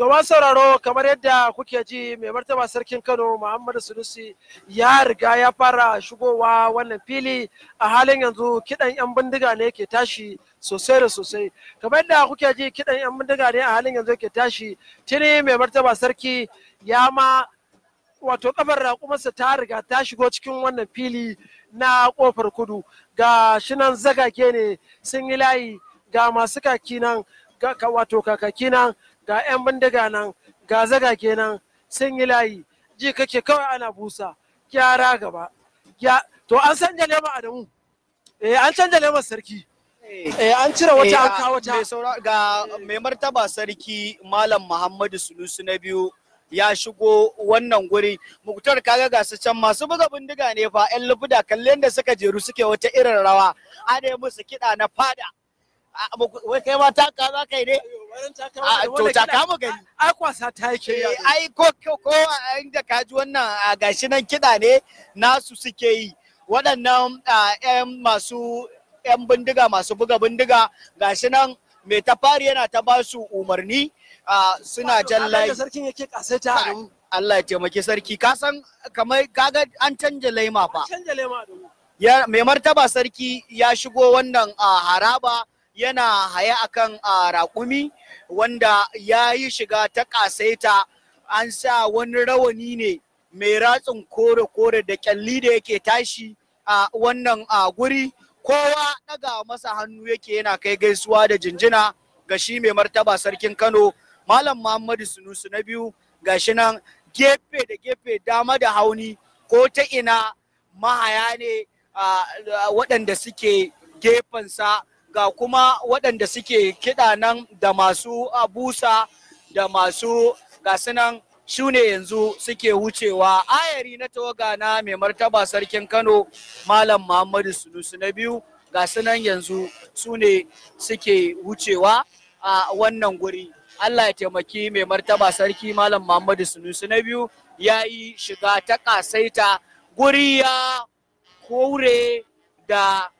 to ma sauraro kamar yadda kuke ji mai martaba sarkin kano muhammadu sunusi ya riga ya fara shigowa wannan fili a halin yanzu kiɗan 'yan bindiga ne ke tashi sosai da sosai kamar yadda kuke ji kiɗan 'yan bindiga ne a halin yanzu ke tashi tuni mai martaba sarki ya ma wato kafar raƙumarsa ta riga ta shigo cikin wannan fili na kofar kudu ga shi nan zagage ne sun yi layi ga masu kaki nan ga wato kakaki nan ga 'yan bindiga nan ga zagage nan sun yi layi ji kake kawai ana busa gyara gaba to an canja lema adamu eh an canja lema sarki eh, eh an cire wata eh, an kawo ta ga mai martaba sarki malam muhammadu sunusu na biyu ya shigo wannan guri muktar kaga ga su can masu buga bindiga ne fa yan lufuda kallon da suka jeru suke wata irin rawa ade musu kiɗa na fada wai kai ma ta ka kai ne to ta kama gani ai kwasa ta yake eh, ai ko ko inda ka ji wannan gashi nan kiɗa ne nasu suke yi waɗannan 'yan masu 'yan bindiga masu buga bindiga gashi nan mai fari yana ta ba su umarni suna jan layi Allah ya taimaki sarki ka san kamar kaga an canja laima fa canja laima ya mai martaba sarki ya shigo wannan haraba yana haya akan raƙumi wanda ya yi shiga ta ƙasaita an sa wani rawani ne mai ratsin kore-kore da kyalli da yake tashi a wannan guri kowa daga masa hannu yake yana kai gaisuwa da jinjina ga shi mai martaba sarkin kano malam muhammadu sunusu na biyu gashi nan gefe da gefe dama da hauni ko ta ina mahaya ne waɗanda suke gefensa ga kuma waɗanda suke kiɗa nan da masu abusa da masu gasu nan su ne yanzu suke wucewa ayari na tawaga na mai martaba sarkin kano malam muhammadu sunusu na biyu gasu nan yanzu su ne suke wucewa a wannan guri Allah ya taimaki mai martaba sarki Malam Muhammadu Sunusi na biyu ya yi shiga ta kasaita guri ya kore da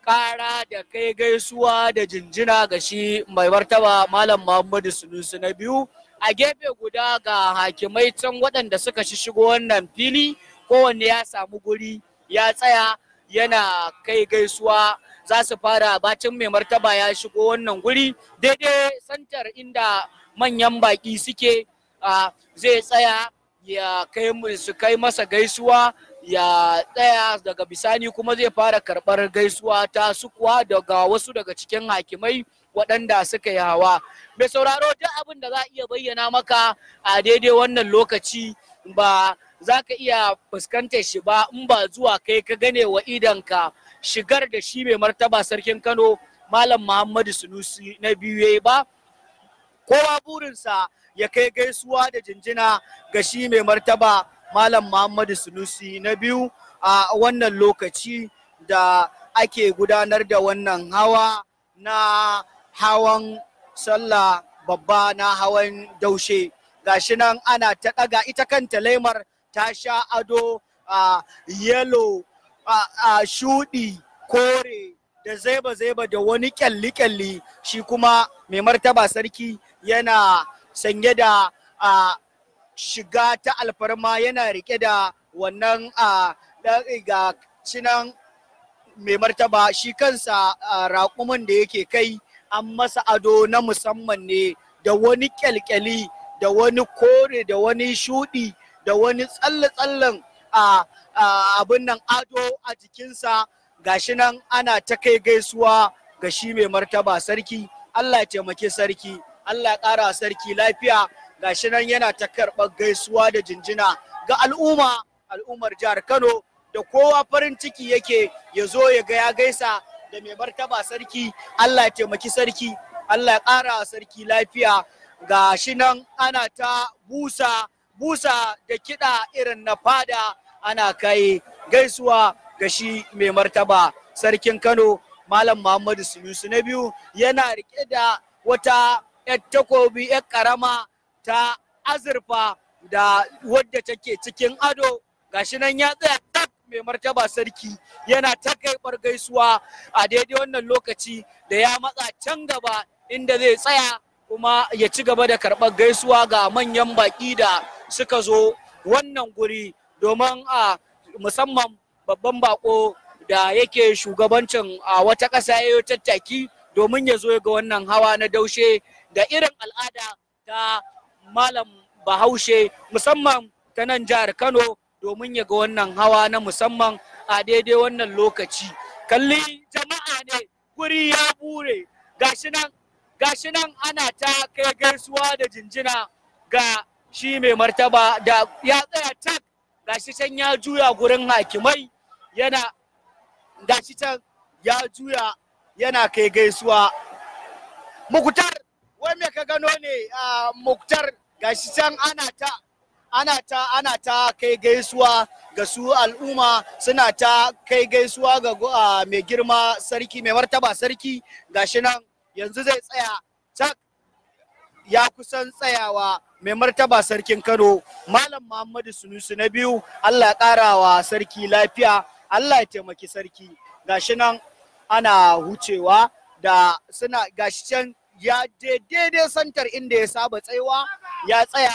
kara da kai gaisuwa da jinjina ga shi mai martaba Malam Muhammadu Sunusi na biyu a gefe guda ga hakimai can waɗanda suka shigo wannan fili kowanne ya samu guri ya tsaya yana kai gaisuwa za su fara bacin mai martaba ya shigo wannan guri daidai santar inda manyan baki suke zai tsaya ya kai su kai masa gaisuwa ya tsaya daga bisani kuma zai fara karɓar gaisuwa ta sukuwa daga wasu daga cikin hakimai waɗanda suka yi hawa mai sauraro duk abin da za a iya bayyana maka a daidai wannan lokaci ba za ka iya fuskantar shi ba in ba zuwa kai ka gane wa idanka shigar da shi mai martaba sarkin Kano Malam Muhammadu Sunusi na biyu yayi ba kowa burinsa ya kai gaisuwa da jinjina ga shi mai martaba Malam Muhammadu Sunusi na biyu a wannan lokaci da ake gudanar da wannan hawa na hawan sallah babba na hawan daushe gashi nan ana ta ɗaga ita kanta laimar ta sha ado a yellow a shuɗi kore da zaiba-zaiba da wani kyalli-kyalli shi kuma mai martaba sarki yana sanye da a shiga ta alfarma yana rike da wannan a ga cinan mai martaba shi kansa raƙumin da yake kai an masa ado na musamman ne da wani kyalkyali da wani kore da wani shuɗi da wani tsalle-tsallen A abin nan ado a jikinsa gashi nan ana ta kai gaisuwa ga shi mai martaba sarki Allah ya taimaki sarki Allah ya ƙara sarki lafiya gashi nan yana ta karɓar gaisuwa da jinjina ga al'umma al'ummar jihar Kano da kowa farin ciki yake ya zo ya ga ya gaisa da mai martaba sarki Allah ya taimaki sarki Allah ya ƙara sarki lafiya gashi nan ana ta busa busa da kiɗa irin na fada ana kai gaisuwa ga shi mai martaba sarkin Kano Malam Muhammadu Sunusu na biyu yana rike da wata 'yar takobi 'yar karama ta azurfa da wadda take cikin ado gashi nan ya tsaya tak mai martaba sarki yana ta gaisuwa a daidai wannan lokaci da ya matsa can gaba inda zai tsaya kuma ya ci gaba da karɓar gaisuwa ga manyan baƙi da suka zo wannan guri domin a musamman babban bako da yake shugabancin a wata ƙasa ya tattaki domin ya zo ga wannan hawa na daushe da irin al'ada ta malam bahaushe musamman ta nan jihar kano domin ya ga wannan hawa na musamman a daidai wannan lokaci kalli jama'a ne guri ya bure gashi nan ana ta kai gaisuwa da jinjina ga shi mai martaba da ya tsaya tak gashi can ya juya gurin hakimai yana gashi can ya juya yana kai gaisuwa muktar wai me ka gano ne ah, muktar gashi can ana ta ana ta ana ta kai gaisuwa ga su al'umma suna ta kai gaisuwa ga ah, mai girma sarki mai martaba sarki gashi nan yanzu zai tsaya ya kusan tsayawa mai martaba sarkin Kano Malam Muhammadu Sunusu na biyu Allah ya ƙara wa sarki lafiya Allah ya taimaki sarki gashi nan ana hucewa da suna gashi can ya daidai santar inda ya saba tsaiwa ya tsaya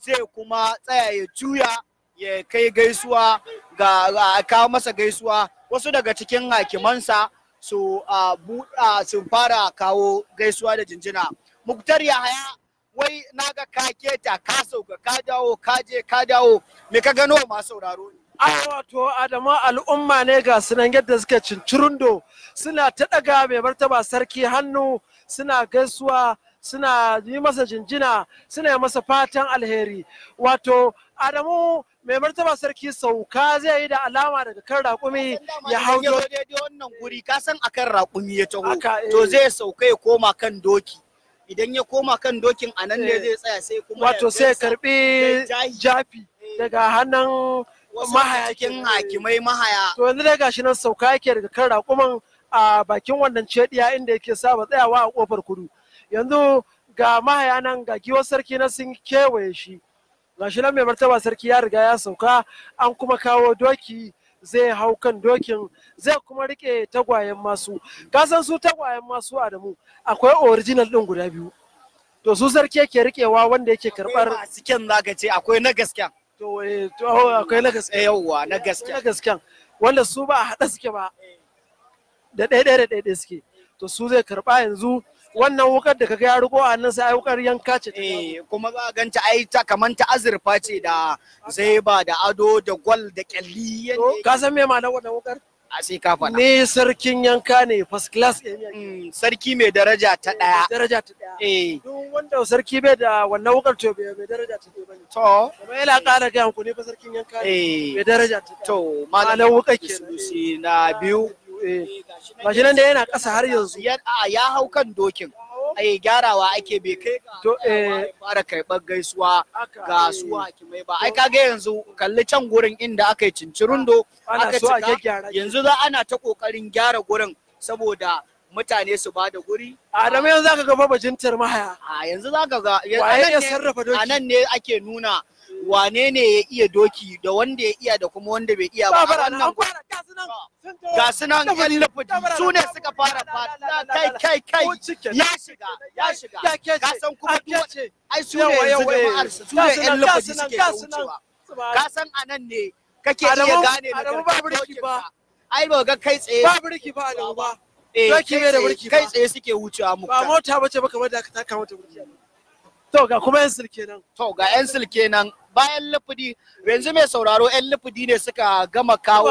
zai kuma tsaya ya juya ya kai gaisuwa ga kawo masa gaisuwa wasu daga cikin hakimansa su fara kawo gaisuwa da jinjina muktar yahaya wai naga ka keta ka sauka ka dawo ka je ka dawo me ka gano ma sauraro ne a wato adama al'umma ne ga sunan yadda suke cincirundo suna ta daga mai martaba sarki hannu suna gaisuwa suna yi masa jinjina suna yi masa fatan alheri wato adamu mai martaba sarki sauka zai yi da alama daga kan raƙumi ya hau wannan guri kasan akan raƙumi ya taho to eh. zai sauka ya koma kan doki idan ya koma kan dokin a nan ne eh. zai tsaya sai kuma wato sai karbi jafi daga hannun mahayakin hakimai mahaya to yanzu dai gashi nan sauka yake daga kan raƙuman a bakin wannan cediya inda yake saba tsayawa a kofar kudu yanzu ga mahaya nan ga giwar sarki na sun kewaye shi gashi nan mai martaba sarki ya riga ya sauka an kuma kawo doki zai hau kan dokin zai kuma rike tagwayen masu kasan su tagwayen masu adamu akwai original din guda biyu to su sarki yake rikewa wanda yake karbar cikin zaka ce akwai na gaskiya to eh to oh, akwai na gaskiya eh, yawa na gaskiya na gaskiya wanda su ba a hada suke ba da ɗaya ɗaya da ɗaya suke to su zai karba yanzu wannan wukar da kaga ya rugo a nan sai wukar yanka ce eh kuma za a ganta ai ta kaman ta azurfa ce da zaiba da ado da gwal da kyalli ka san me ma'anar wannan wukar a sai ka faɗa ne sarkin yanka ne first class mm, sarki mai daraja ta daya daraja ta daya eh duk wanda sarki bai da wannan wukar to bai daraja ta bai bane to kuma yana ƙara ga ku ne fa sarkin yanka ne bai eh. daraja ta to malamin wukar ke na biyu Eh, eh, gashi da yana ƙasa har yanzu ya hau kan dokin yi gyarawa ake bai kai to eh, fara karɓar gaisuwa ga su mai ba ai kaga yanzu kalli can gurin inda aka yi cincirundo aka cika yanzu za ana ta kokarin gyara gurin saboda mutane su ba da guri. A da yanzu zaka ga mabajintar mahaya. A yanzu zaka ga. A nan ne ake nuna wane ne ya iya doki da wanda ya iya da kuma wanda bai iya ba wannan ga sunan nan yan lafudi su ne suka fara fada kai kai kai ya shiga ya shiga ga san kuma duwace ai su ne yanzu jama'ar su ne yan lafudi suke wucewa ga san anan ne kake iya gane da dokin ba ai ba ga kai tsaye ba burki ba eh, da ba doki ne da burki ba kai tsaye suke wucewa muka ba mota bace ba kamar da ka taka mota burki to ga kuma yan sulke nan to ga yan sulke nan bayan lufudi yanzu mai sauraro yan lufudi ne suka gama kawo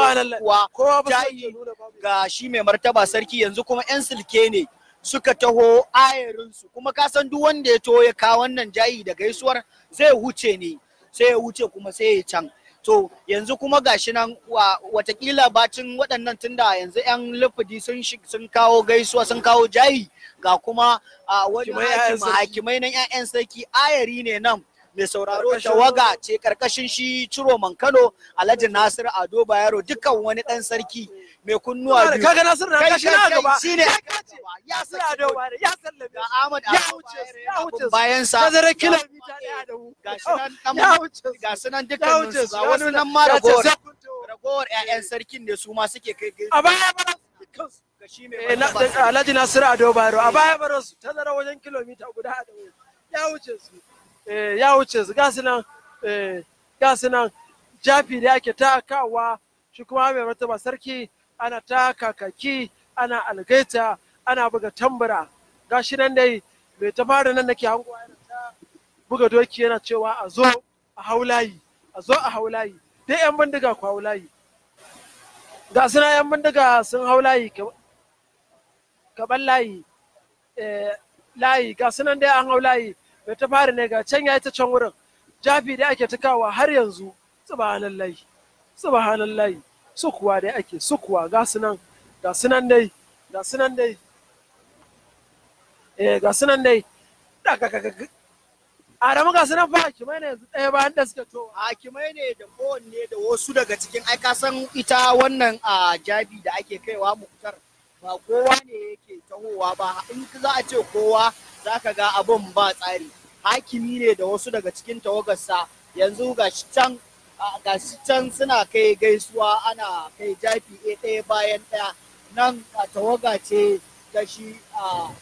kuwa jayi ga shi mai martaba sarki yanzu kuma yan silke ne suka taho ayarinsu kuma ka san duk wanda ya taho ya kawo wannan jayi da gaisuwar zai huce ne sai ya huce kuma sai ya can to yanzu kuma ga shi nan watakila bacin waɗannan tunda yanzu 'yan lufudi sun kawo gaisuwa sun kawo jayi ga kuma wani hakimai nan yan sarki ayari ne nan mai sauraro shawaga ce karkashin shi ciro man Kano Alhaji Nasir Ado Bayero dukkan wani dan sarki mai kunnuwa biyu kaga Nasir na kashi na gaba shine ya san Ado Bayero ya san Ahmad ya wuce ya huce bayan sa tazara kilomita daya da mu gashi oh, nan ya wuce dukkan su wani nan ma ragowar ragowar ƴaƴan sarkin ne su ma suke kai a baya ba kansu eh, Alhaji Nasiru Ado Bayero a baya baro su tazara wajen kilomita guda da ya wuce su Eh, ya wuce su gasu nan eh, gasu nan jafi da yake ta kawa shi kuma mai martaba sarki ana ta kakaki ana algaita ana buga tambura gashi nan dai mai ta fara nan nake hango yana ta buga doki yana cewa a zo a haulayi a zo a haulayi dai yan bindiga ku haulayi ga suna yan bindiga sun haulayi kaban layi eh, layi ga sunan dai an haulayi bai ta fara ne ga can ya yi ta can wurin jafi dai ake takawa har yanzu subhanallahi subhanallahi sukuwa dai ake sukuwa ga su ga su nan dai ga su nan dai eh ga su nan dai Adamu ga sunan fa hakimai ne yanzu ɗaya bayan da suka to. Hakimai ne da kowanne da wasu daga cikin ai ka san ita wannan a jabi da ake kaiwa muktar ba kowa ne yake tahowa ba in za a ce kowa za ka ga abun ba tsari hakimi ne da wasu daga cikin tawagarsa yanzu ga can ga can suna kai gaisuwa ana kai jafi ɗaya bayan ɗaya nan a tawaga ce da shi a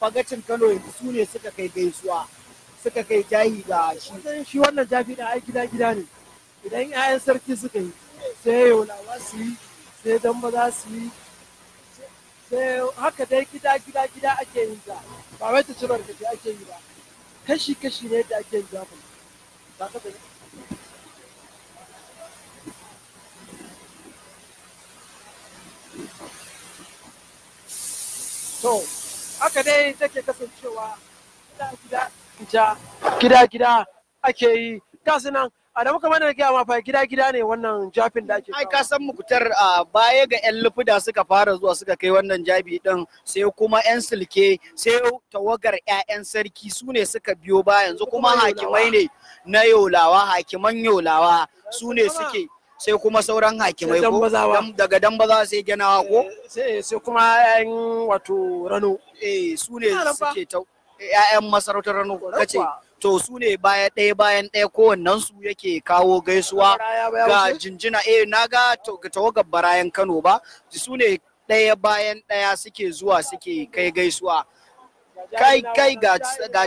fagacin kano yanzu su ne suka kai gaisuwa suka kai jahi ga shi shi wannan jafi da ai gida gida ne idan 'ya'yan sarki suka yi sai yau lawa su yi sai dan ba za su yi haka dai gida gida gida ake yin ta ba wai ta ci barkatai ake yi ba kashi kashi ne da ake yin zafi ba ka to haka dai take kasancewa gida gida gida gida ake yi gasu nan Adamu kamar da gaya ma fa gida gida ne wannan jafin da ake. Ai ka san mukutar baya ga yan lufuda suka fara zuwa suka kai wannan jabi din sai kuma yan silke sai tawagar ƴaƴan sarki su ne suka biyo ba yanzu kuma hakimai ne na yolawa hakiman yolawa su ne suke sai kuma sauran hakimai ko daga baza sai ganawa ko eh, sai kuma ƴaƴan wato rano eh su ne suke ta ƴaƴan masarautar rano kace to su ne baya ɗaya bayan ɗaya kowannen su yake kawo gaisuwa ga jinjina eh na ga tawagar barayan Kano ba su ne ɗaya bayan ɗaya suke zuwa suke kai gaisuwa kai kai ga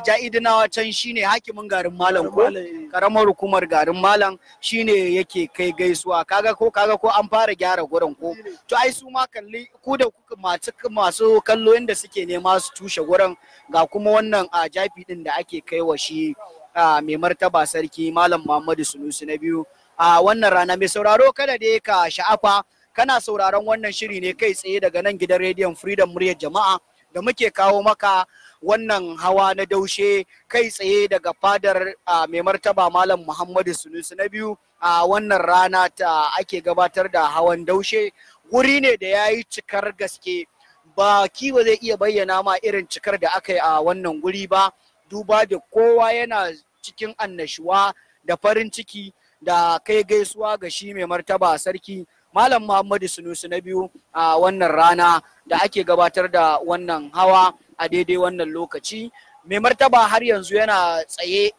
ja'idinawa can shine hakimin garin malam ko eh. karamar hukumar garin malam shine yake kai gaisuwa kaga ko kaga ko an fara gyara gurin ko to ai su ma kalli ku da masu masu kallo inda suke nema su tushe gurin ga kuma wannan a jafi din da ake kai wa shi mai martaba sarki malam Muhammadu Sunusi na biyu a wannan rana mai sauraro kada da ka sha'afa kana sauraron wannan shiri ne kai tsaye daga nan gidan rediyon Freedom muryar jama'a da muke kawo maka wannan hawa na daushe kai tsaye daga fadar mai martaba malam muhammadu sunusu na biyu a wannan rana ta ake gabatar da hawan daushe wuri ne da ya yi cikar gaske ba kiwo zai iya bayyana ma irin cikar da aka yi a wannan guri ba duba da kowa yana cikin annashuwa da farin ciki da kai gaisuwa ga shi mai martaba sarki malam muhammadu sunusu na biyu a wannan rana da ake gabatar da wannan hawa a daidai wannan lokaci mai martaba har yanzu yana tsaye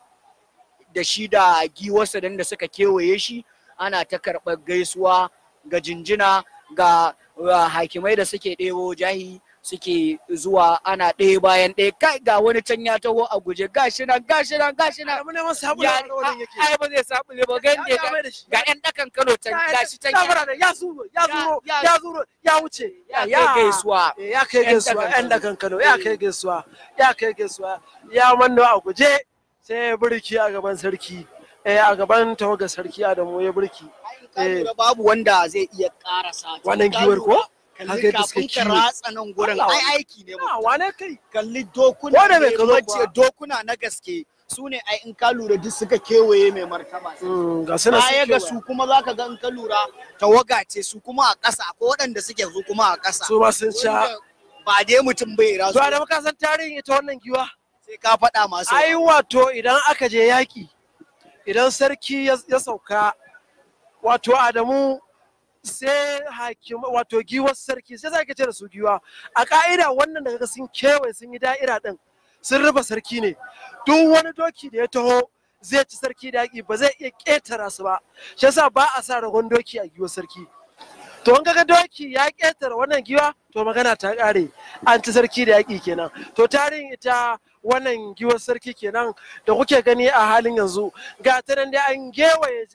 da shi da giwarsa da suka kewaye shi ana ta karɓar gaisuwa ga jinjina ga hakimai da suke ɗebo jahi suke zuwa ana ɗaya bayan ɗaya kai ga wani can ya taho a guje gashi nan gashi nan gashi nan mun neman sabu da wannan yake ai ba zai sabu ne ba gande ga ɗan dakan Kano can gashi can ya zuro ya zuro ya zuro ya wuce ya kai gaisuwa ya kai gaisuwa ɗan eh, dakan Kano ya kai eh. gaisuwa ya kai gaisuwa ya manno a guje sai ya birki a gaban sarki eh, a gaban tawaga sarki Adamu ya eh babu wanda zai iya karasa wannan giwar ko kalli kafin ka ratsa nan gurin ai aiki ne mu wane kai kalli dokuna ko da kazo ce dokuna na gaske su ne ai in ka lura duk suka kewaye mai martaba hmm, baya ga su kuma za ka ga in ka lura tawaga ce su kuma a ƙasa ko waɗanda suke su kuma a ƙasa su ma sun sha ba dai mutum bai rasu to da muka san tarihin ita wannan giwa sai ka faɗa masu ai wato idan aka je yaƙi idan sarki ya sauka wato Adamu sai hakim wato giwar sarki sai za ka ce da su giwa a ka'ida wannan da kaga sun kewaye sun yi da'ira din sun rufe sarki ne duk wani doki da ya taho zai ci sarki da yaƙi ba zai iya ƙetara su ba shi yasa ba a sa ragon doki a giwar sarki to in kaga doki ya ƙetara wannan giwa to magana ta ƙare an ci sarki da yaƙi kenan to tarihin ita wannan giwar sarki kenan da kuke gani a halin yanzu ga ta nan dai an gewaye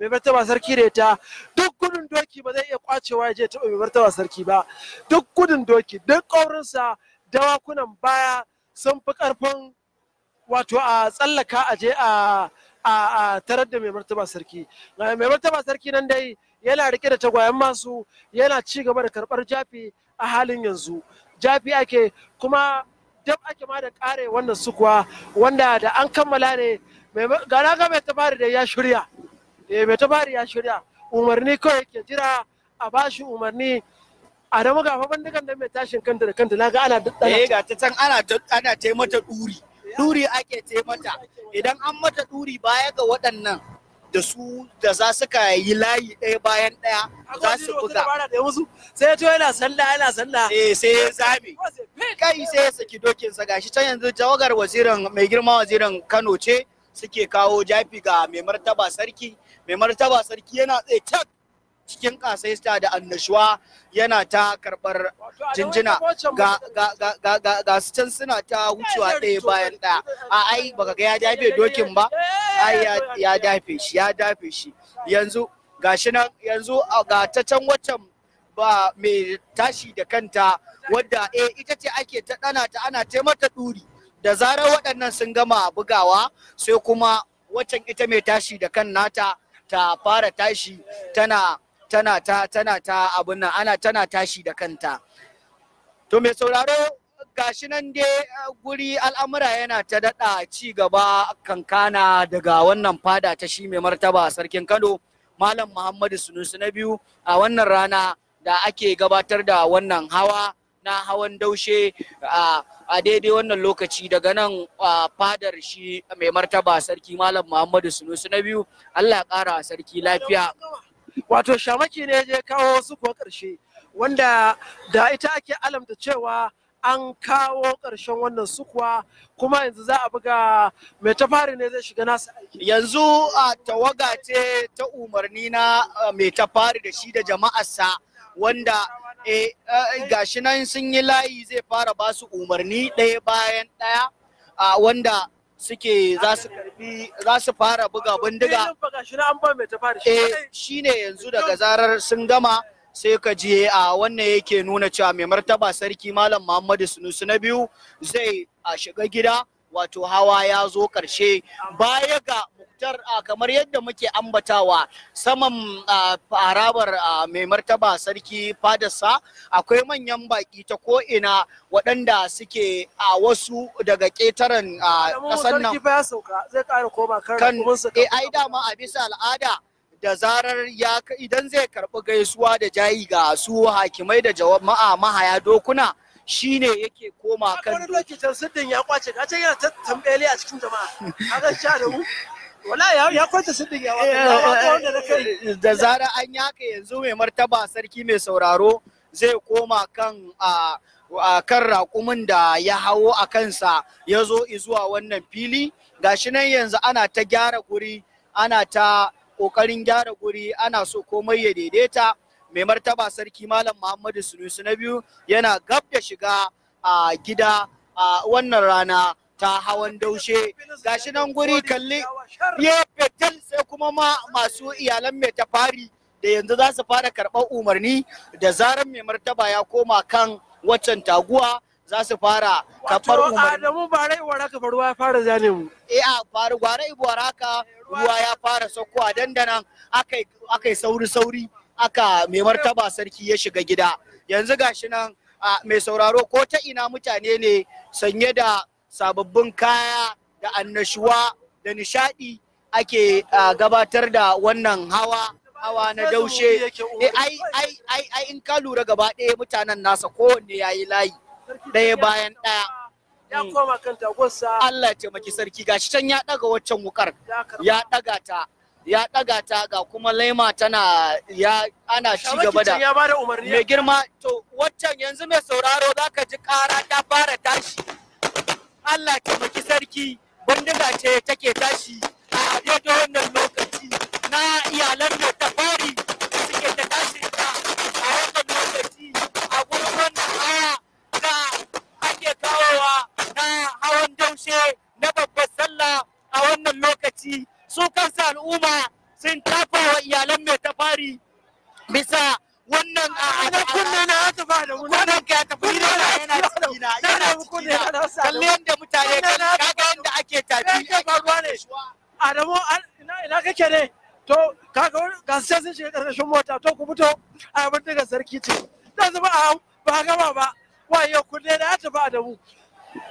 mai martaba sarki da ita duk gudun doki ba zai iya kwacewa ya je taɓa mai martaba sarki ba duk gudun doki duk ƙaurinsa dawakunan baya sun fi ƙarfin wato a tsallaka a je a a tarar da mai martaba sarki mai martaba sarki nan dai yana rike da tagwayen masu yana ci gaba da karɓar jafi a halin yanzu jafi ake kuma dab ake ma da ƙare wannan sukuwa wanda da an kammala ne ga na ga mai tabari da ya shirya eh mai tabari ya shirya umarni kawai ke jira a bashi umarni a da magafa bandukan da mai tashin kanta da kanta naga ana da eh ga ta can ana ana ta mata duri duri ake mata idan an mata duri baya ga waɗannan da su da za su ka yi layi ɗaya bayan ɗaya za su buga sai to yana sanda yana sanda. eh sai ya zame kai sai ya saki dokin sa gashi can yanzu jawagar wazirin mai girma wazirin Kano ce suke kawo jafi ga mai martaba sarki mai martaba sarki yana tsaye tak cikin kasaista da annashuwa yana ta karɓar jinjina ga su can suna ta wucewa ɗaya bayan ɗaya a ai baka ga ya dafe dokin ba ai ya dafe shi ya dafe shi yanzu gashi nan yanzu ga ta can waccan ba mai tashi da kanta wadda eh ita ce ake ta dana ta ana mata ɗuri da zarar waɗannan sun gama bugawa sai kuma waccan ita mai tashi da kan nata ta fara tashi tana tana ta tana ta abun nan ana tana tashi da kanta to mai sauraro gashi nan dai guri al'amura yana ta daɗa ci gaba kankana daga wannan fada ta shi mai martaba sarkin kano malam muhammadu sunusu na biyu a wannan rana da ake gabatar da wannan hawa na hawan daushe a daidai wannan lokaci daga nan fadar shi mai martaba sarki malam muhammadu sunusu na biyu allah kara sarki lafiya wato shamaki ne je kawo su ko karshe. wanda da ita ake alamta cewa an kawo ƙarshen wannan sukuwa kuma yanzu za a buga mai fari ne zai shiga nasa aiki. Yanzu a tawaga ce ta umarni na mai tafari da shi da jama'arsa wanda Eh, eh gashi nan sun yi layi zai fara ba su umarni ɗaya bayan ɗaya a wanda suke za su fara buga bindiga eh shine yanzu daga zarar sun gama sai ka je a wannan yake nuna cewa mai martaba sarki malam Muhammadu Sunusu na biyu zai a shiga gida wato hawa ya zo karshe baya ga muktar kamar yadda muke ambatawa saman harabar mai martaba sarki fadarsa akwai manyan baki ta ko'ina waɗanda suke a wasu daga ƙetaren ƙasar nan kan eh, ai dama a bisa al'ada da zarar ya idan zai karɓi gaisuwa da jayi ga su hakimai da jama'a mahaya dokuna shi ne yake koma kan. ya kwace, ga can yana tambayali a cikin jama'a. Kaga sha da mu. wala ya kwanta siddiq ya eh, eh, eh, da zara an yaka yanzu mai martaba sarki mai sauraro zai koma kan a kan raƙumin da ya hawo a kansa ya zo zuwa wannan fili gashi nan yanzu ana ta gyara guri ana ta ƙoƙarin gyara guri ana so komai ya daidaita mai martaba sarki malam muhammadu sunusu na biyu yana gab da shiga a gida a wannan rana ta hawan daushe gashi nan guri kalli ya fetal sai kuma ma masu iyalan mai tafari da yanzu za su fara karɓar umarni da zaran mai martaba ya koma kan waccan taguwa za su fara karɓar umarni. Adamu ba rai wara ka ruwa ya fara zane mu. Eh a faru gwara ibuwara ka ruwa ya fara saukowa dandanan akai sauri sauri aka mai martaba sarki ya shiga gida yanzu gashi nan mai sauraro ko ta ina mutane ne sanye da sababbin kaya da annashuwa da nishadi ake gabatar da wannan hawa hawa na daushe eh, ai ai ai ai in ka lura gaba ɗaya mutanen nasa kowanne ya yi layi ɗaya bayan ɗaya ya mm. koma kan tagosa Allah ya taimaki sarki gashi can ya ɗaga waccan wukar ya daga ta ya daga ta ga kuma laima tana ya ana ci gaba da mai girma to waccan yanzu mai sauraro zaka ji ƙara ta fara tashi Allah taimaki sarki bindiga ce take tashi a daidai wannan lokaci na iyalan da ta fari da suke ta tashi ta a wannan lokaci a gurin wannan haya da ake kawowa na hawan daushe na babbar sallah a wannan lokaci su kansa al'umma sun tafa wa iyalan mai ta bisa wannan a kunne na ya tafi da mun nan ka tafi ni na yana ciki na yana kunne na da sa kalle yanda mutane kaga yanda ake tafi ne faruwa ne Adamu ina ina kake ne to kaga ga sai sun shiga karkashin mota to ku fito a yabin daga sarki ce dan zuba a ba gama ba wayo kunne na ya tafi Adamu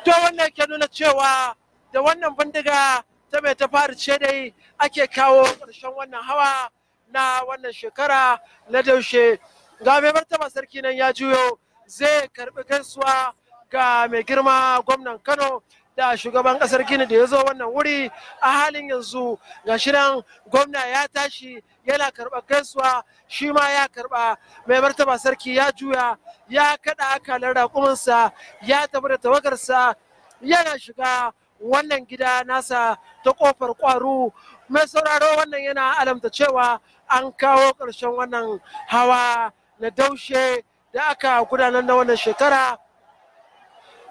to wannan ke nuna cewa da wannan bindiga ta mai ta fara ce dai ake kawo ƙarshen wannan hawa na wannan shekara na daushe ga mai martaba sarki nan ya juyo zai karbi gaisuwa ga mai girma gwamnan kano da shugaban kasar gini da ya zo wannan wuri a halin yanzu ga shirin gwamna ya tashi yana karɓar gaisuwa shi ma ya karɓa mai martaba sarki ya juya ya kaɗa akalin raƙuminsa ya tafi da tawagarsa yana shiga wannan gida nasa ta ƙofar ƙwaro mai sauraro wannan yana alamta cewa an kawo ƙarshen wannan hawa na daushe da aka gudanar na wannan shekara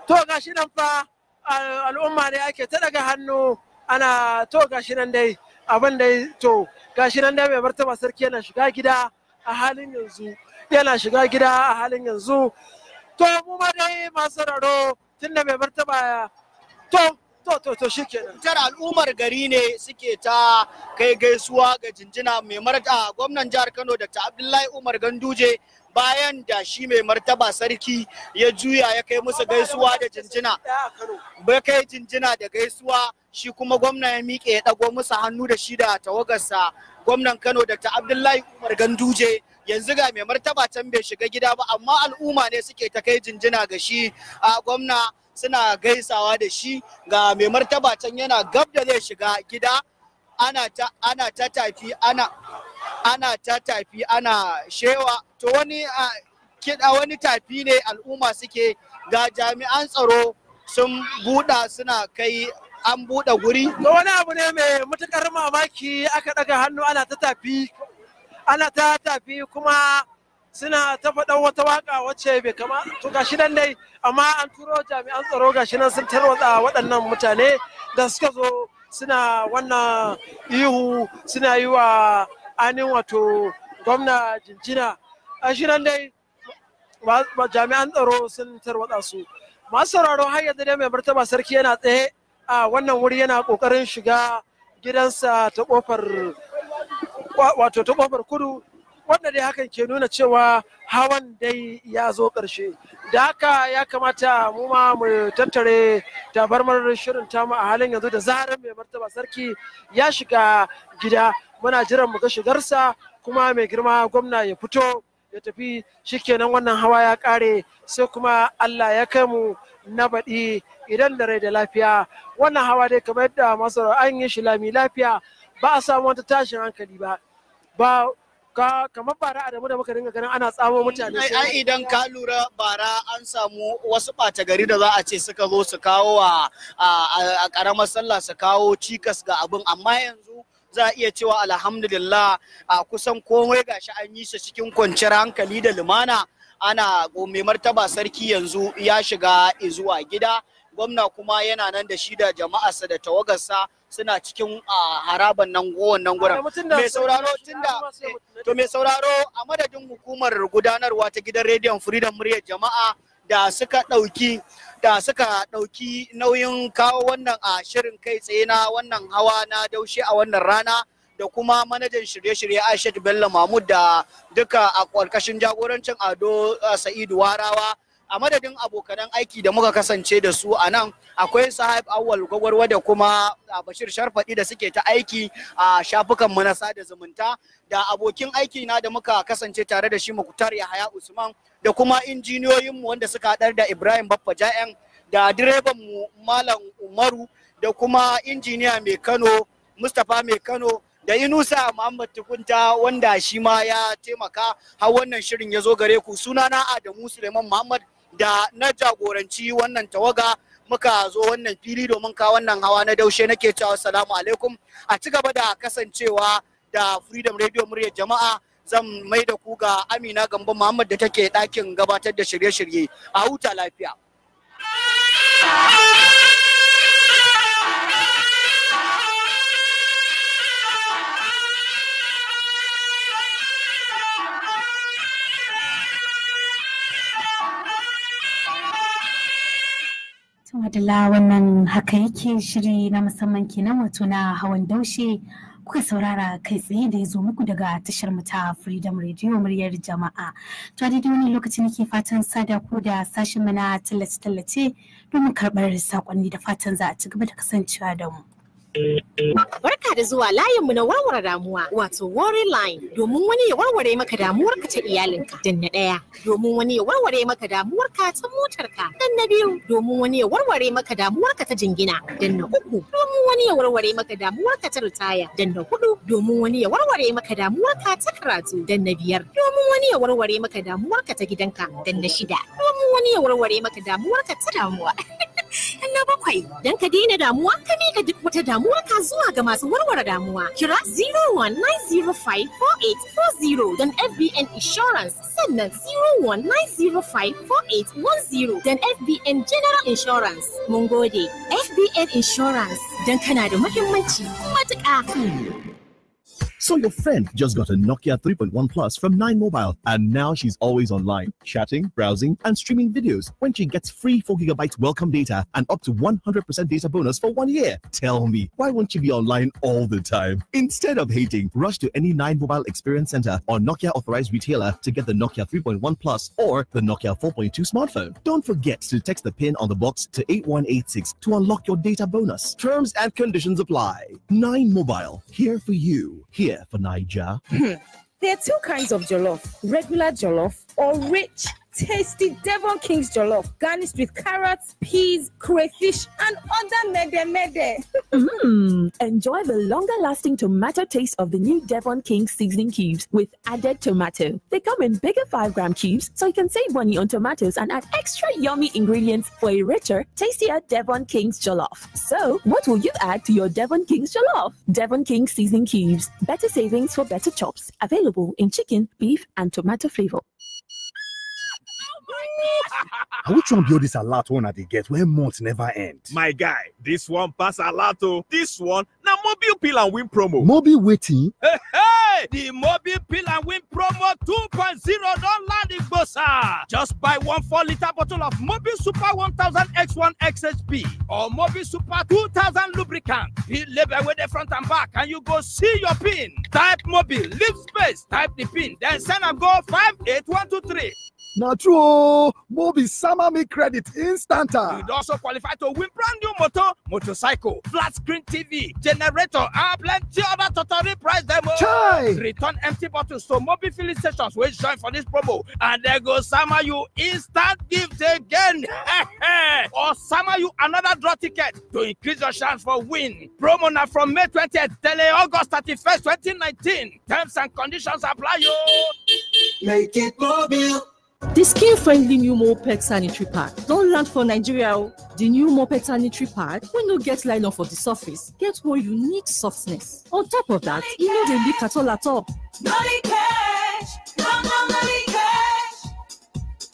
to gashi nan fa al'umma ne ake ta daga hannu ana to gashi nan dai abin da to gashi nan dai mai martaba sarki yana shiga gida a halin yanzu yana shiga gida a halin yanzu to mu ma dai masu raro tunda mai martaba to To to to shikenan. Tar al'ummar gari ne suke ta kai gaisuwa ga jinjina mai marta gwamnan jihar Kano Dr. Abdullahi Umar Ganduje bayan da shi mai martaba sarki ya juya ya kai musu gaisuwa da jinjina bai kai jinjina da gaisuwa shi kuma gwamna ya miƙe ya dago musu hannu da shi da tawagarsa gwamnan kano dr abdullahi umar ganduje yanzu ga mai martaba can bai shiga gida ba amma al'umma ne suke ta kai jinjina ga shi a gwamna suna gaisawa da shi ga mai martaba can yana gab da zai shiga gida ana ta ana ta tafi ana ana ta tafi ana shewa to wani kiɗa wani tafi ne al'umma suke ga jami'an tsaro sun buɗa suna kai an buɗe guri. To wani abu ne mai matukar mamaki aka ɗaga hannu ana ta tafi ana ta tafi kuma suna ta faɗan wata waka wacce bai kama to shi nan dai amma an turo jami'an tsaro shi nan sun tarwatsa waɗannan mutane da suka zo suna wannan ihu suna yi wa anin wato gwamna jinjina shi nan dai jami'an tsaro sun tarwatsa su masu sauraro har yanzu dai mai martaba sarki yana tsaye a wannan wuri yana kokarin shiga gidansa ta kofar wato ta kofar kudu wanda dai hakan ke nuna cewa hawan dai ya zo ƙarshe da haka ya kamata mu ma mu tattare tabarmar shirin tamu a halin yanzu da zarar mai martaba sarki ya shiga gida muna jiran mu ga shigarsa kuma mai girma gwamna ya fito ya tafi shikenan wannan hawa ya ƙare sai kuma Allah ya kai mu na baɗi idan da rai da lafiya wannan hawa dai kamar yadda masu an yi shi lami lafiya ba a samu wata tashin hankali ba ba ka kamar bara a damu da muka dinga ganin ana tsamo mutane ai idan ka lura bara an samu wasu ɓata gari da za a ce suka zo su kawo a karamar sallah su kawo cikas ga abin amma yanzu za a iya cewa alhamdulillah a kusan komai gashi an yi shi cikin kwanciyar hankali da lumana ana mai martaba sarki yanzu ya shiga zuwa gida gwamna kuma yana nan da shi da jama'arsa da tawagarsa suna cikin haraban nan gowan nan gurin mai sauraro tunda to mai sauraro a madadin hukumar gudanarwa ta gidan rediyon freedom muryar jama'a da suka ɗauki da suka dauki nauyin kawo wannan a shirin kai tsaye na wannan hawa na daushe a wannan rana da kuma manajan shirye-shirye Aisha, Bello Mahmud da duka a ƙarƙashin jagorancin Ado Sa'idu Warawa a madadin abokanan aiki da muka kasance da su a nan akwai sahib awal gwagwarwa da kuma ah, bashir sharfaɗi da suke ta aiki a shafukan mu na sada zumunta da abokin aiki na da muka kasance tare da shi muktar yahaya usman da kuma injiniyoyin mu wanda suka haɗar da ibrahim baffa ja'en da direban mu malam umaru da kuma injiniya mai kano mustapha mai kano da Inusa Muhammad Tukunta wanda shi ma ya taimaka har wannan shirin ya zo gare ku sunana Adamu Suleiman Muhammad da na jagoranci wannan tawaga muka zo wannan fili domin ka wannan hawa na daushe nake cewa salamu alaikum a ci gaba da kasancewa da freedom radio muryar jama'a zan mai da ku ga amina gambo muhammad da take dakin gabatar da shirye-shirye a huta lafiya Tumadala wannan haka yake shiri na musamman kenan wato na hawan daushe kuka saurara kai tsaye da ya zo muku daga tashar mu ta Freedom Radio muryar jama'a. To a daidai wani lokaci nake fatan sada ku da sashen mu na tallace-tallace domin karɓar saƙonni da fatan za a ci gaba da kasancewa da mu. Barka da zuwa layinmu na warware damuwa wato worry line domin wani ya warware maka damuwarka ta iyalinka dan na ɗaya domin wani ya warware maka damuwarka ta motarka dan na biyu domin wani ya warware maka damuwarka ta jingina dan na uku domin wani ya warware maka damuwarka ta ritaya dan na hudu domin wani ya warware maka damuwarka ta karatu dan na biyar domin wani ya warware maka damuwarka ta gidanka dan na shida domin wani ya warware maka damuwarka ta damuwa. na bakwai don ka daina damuwa ka miƙa duk wata damuwa ka zuwa ga masu warware damuwa kira 019054840 don FBN Insurance sannan 019054810 don FBN General Insurance mun gode FBN Insurance don kana da muhimmanci matuƙa. So your friend just got a Nokia 3.1 Plus from 9 Mobile, and now she's always online, chatting, browsing, and streaming videos when she gets free 4 gigabytes welcome data and up to 100% data bonus for one year. Tell me, why won't you be online all the time? Instead of hating, rush to any 9 Mobile Experience Center or Nokia authorized retailer to get the Nokia 3.1 Plus or the Nokia 4.2 smartphone. Don't forget to text the PIN on the box to 8186 to unlock your data bonus. Terms and conditions apply. 9 Mobile, here for you. Here for Niger? Hmm. there are two kinds of jollof regular jollof or rich tasty Devon King's jollof, garnished with carrots, peas, crayfish, and other mede mede. mm, enjoy the longer-lasting tomato taste of the new Devon King seasoning cubes with added tomato. They come in bigger 5-gram cubes, so you can save money on tomatoes and add extra yummy ingredients for a richer, tastier Devon King's jollof. So, what will you add to your Devon King's jollof? Devon King seasoning cubes. Better savings for better chops. Available in chicken, beef, and tomato flavor. which one be all this lot? one that they get where months never end? My guy, this one pass alert o. Oh. This one now mobile pill and win promo. Mobile waiting? Hey, hey! The mobile pill and win promo 2.0 don land igbosa. Just buy one 4 liter bottle of mobile super 1000 X1 XHP or mobile super 2000 lubricant. Peel label with the front and back and you go see your pin. Type mobile, leave space, type the pin, then send am go 58123 na true ooo mobi sama me credit instanta. you also qualify to win brand new motor motorcycle flat screen tv generator and plenty other totori prize dem o. chai return empty bottles to mobi filling stations wey join for dis promo and dem go sama you instant gift again or sama you another draw ticket to increase your chance for win. promo na from may twentieth till august thirty-first twenty nineteen terms and conditions apply o. make it mobile. The skin-friendly new Moped sanitary pad Don't land for Nigeria. Oh. The new Moped sanitary pad when you get nylon for the surface get more unique softness. On top of that, you no dey leak at all at all. No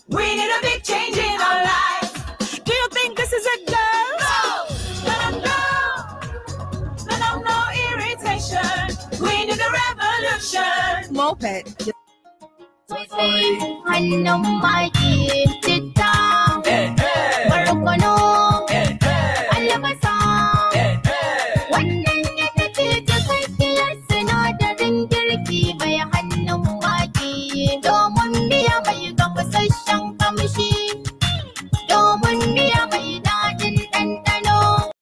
We need a big change in our lives. Do you think this is No, no, no, no, no, no, no irritation. We need a revolution. Moped, hannun maki citta barkono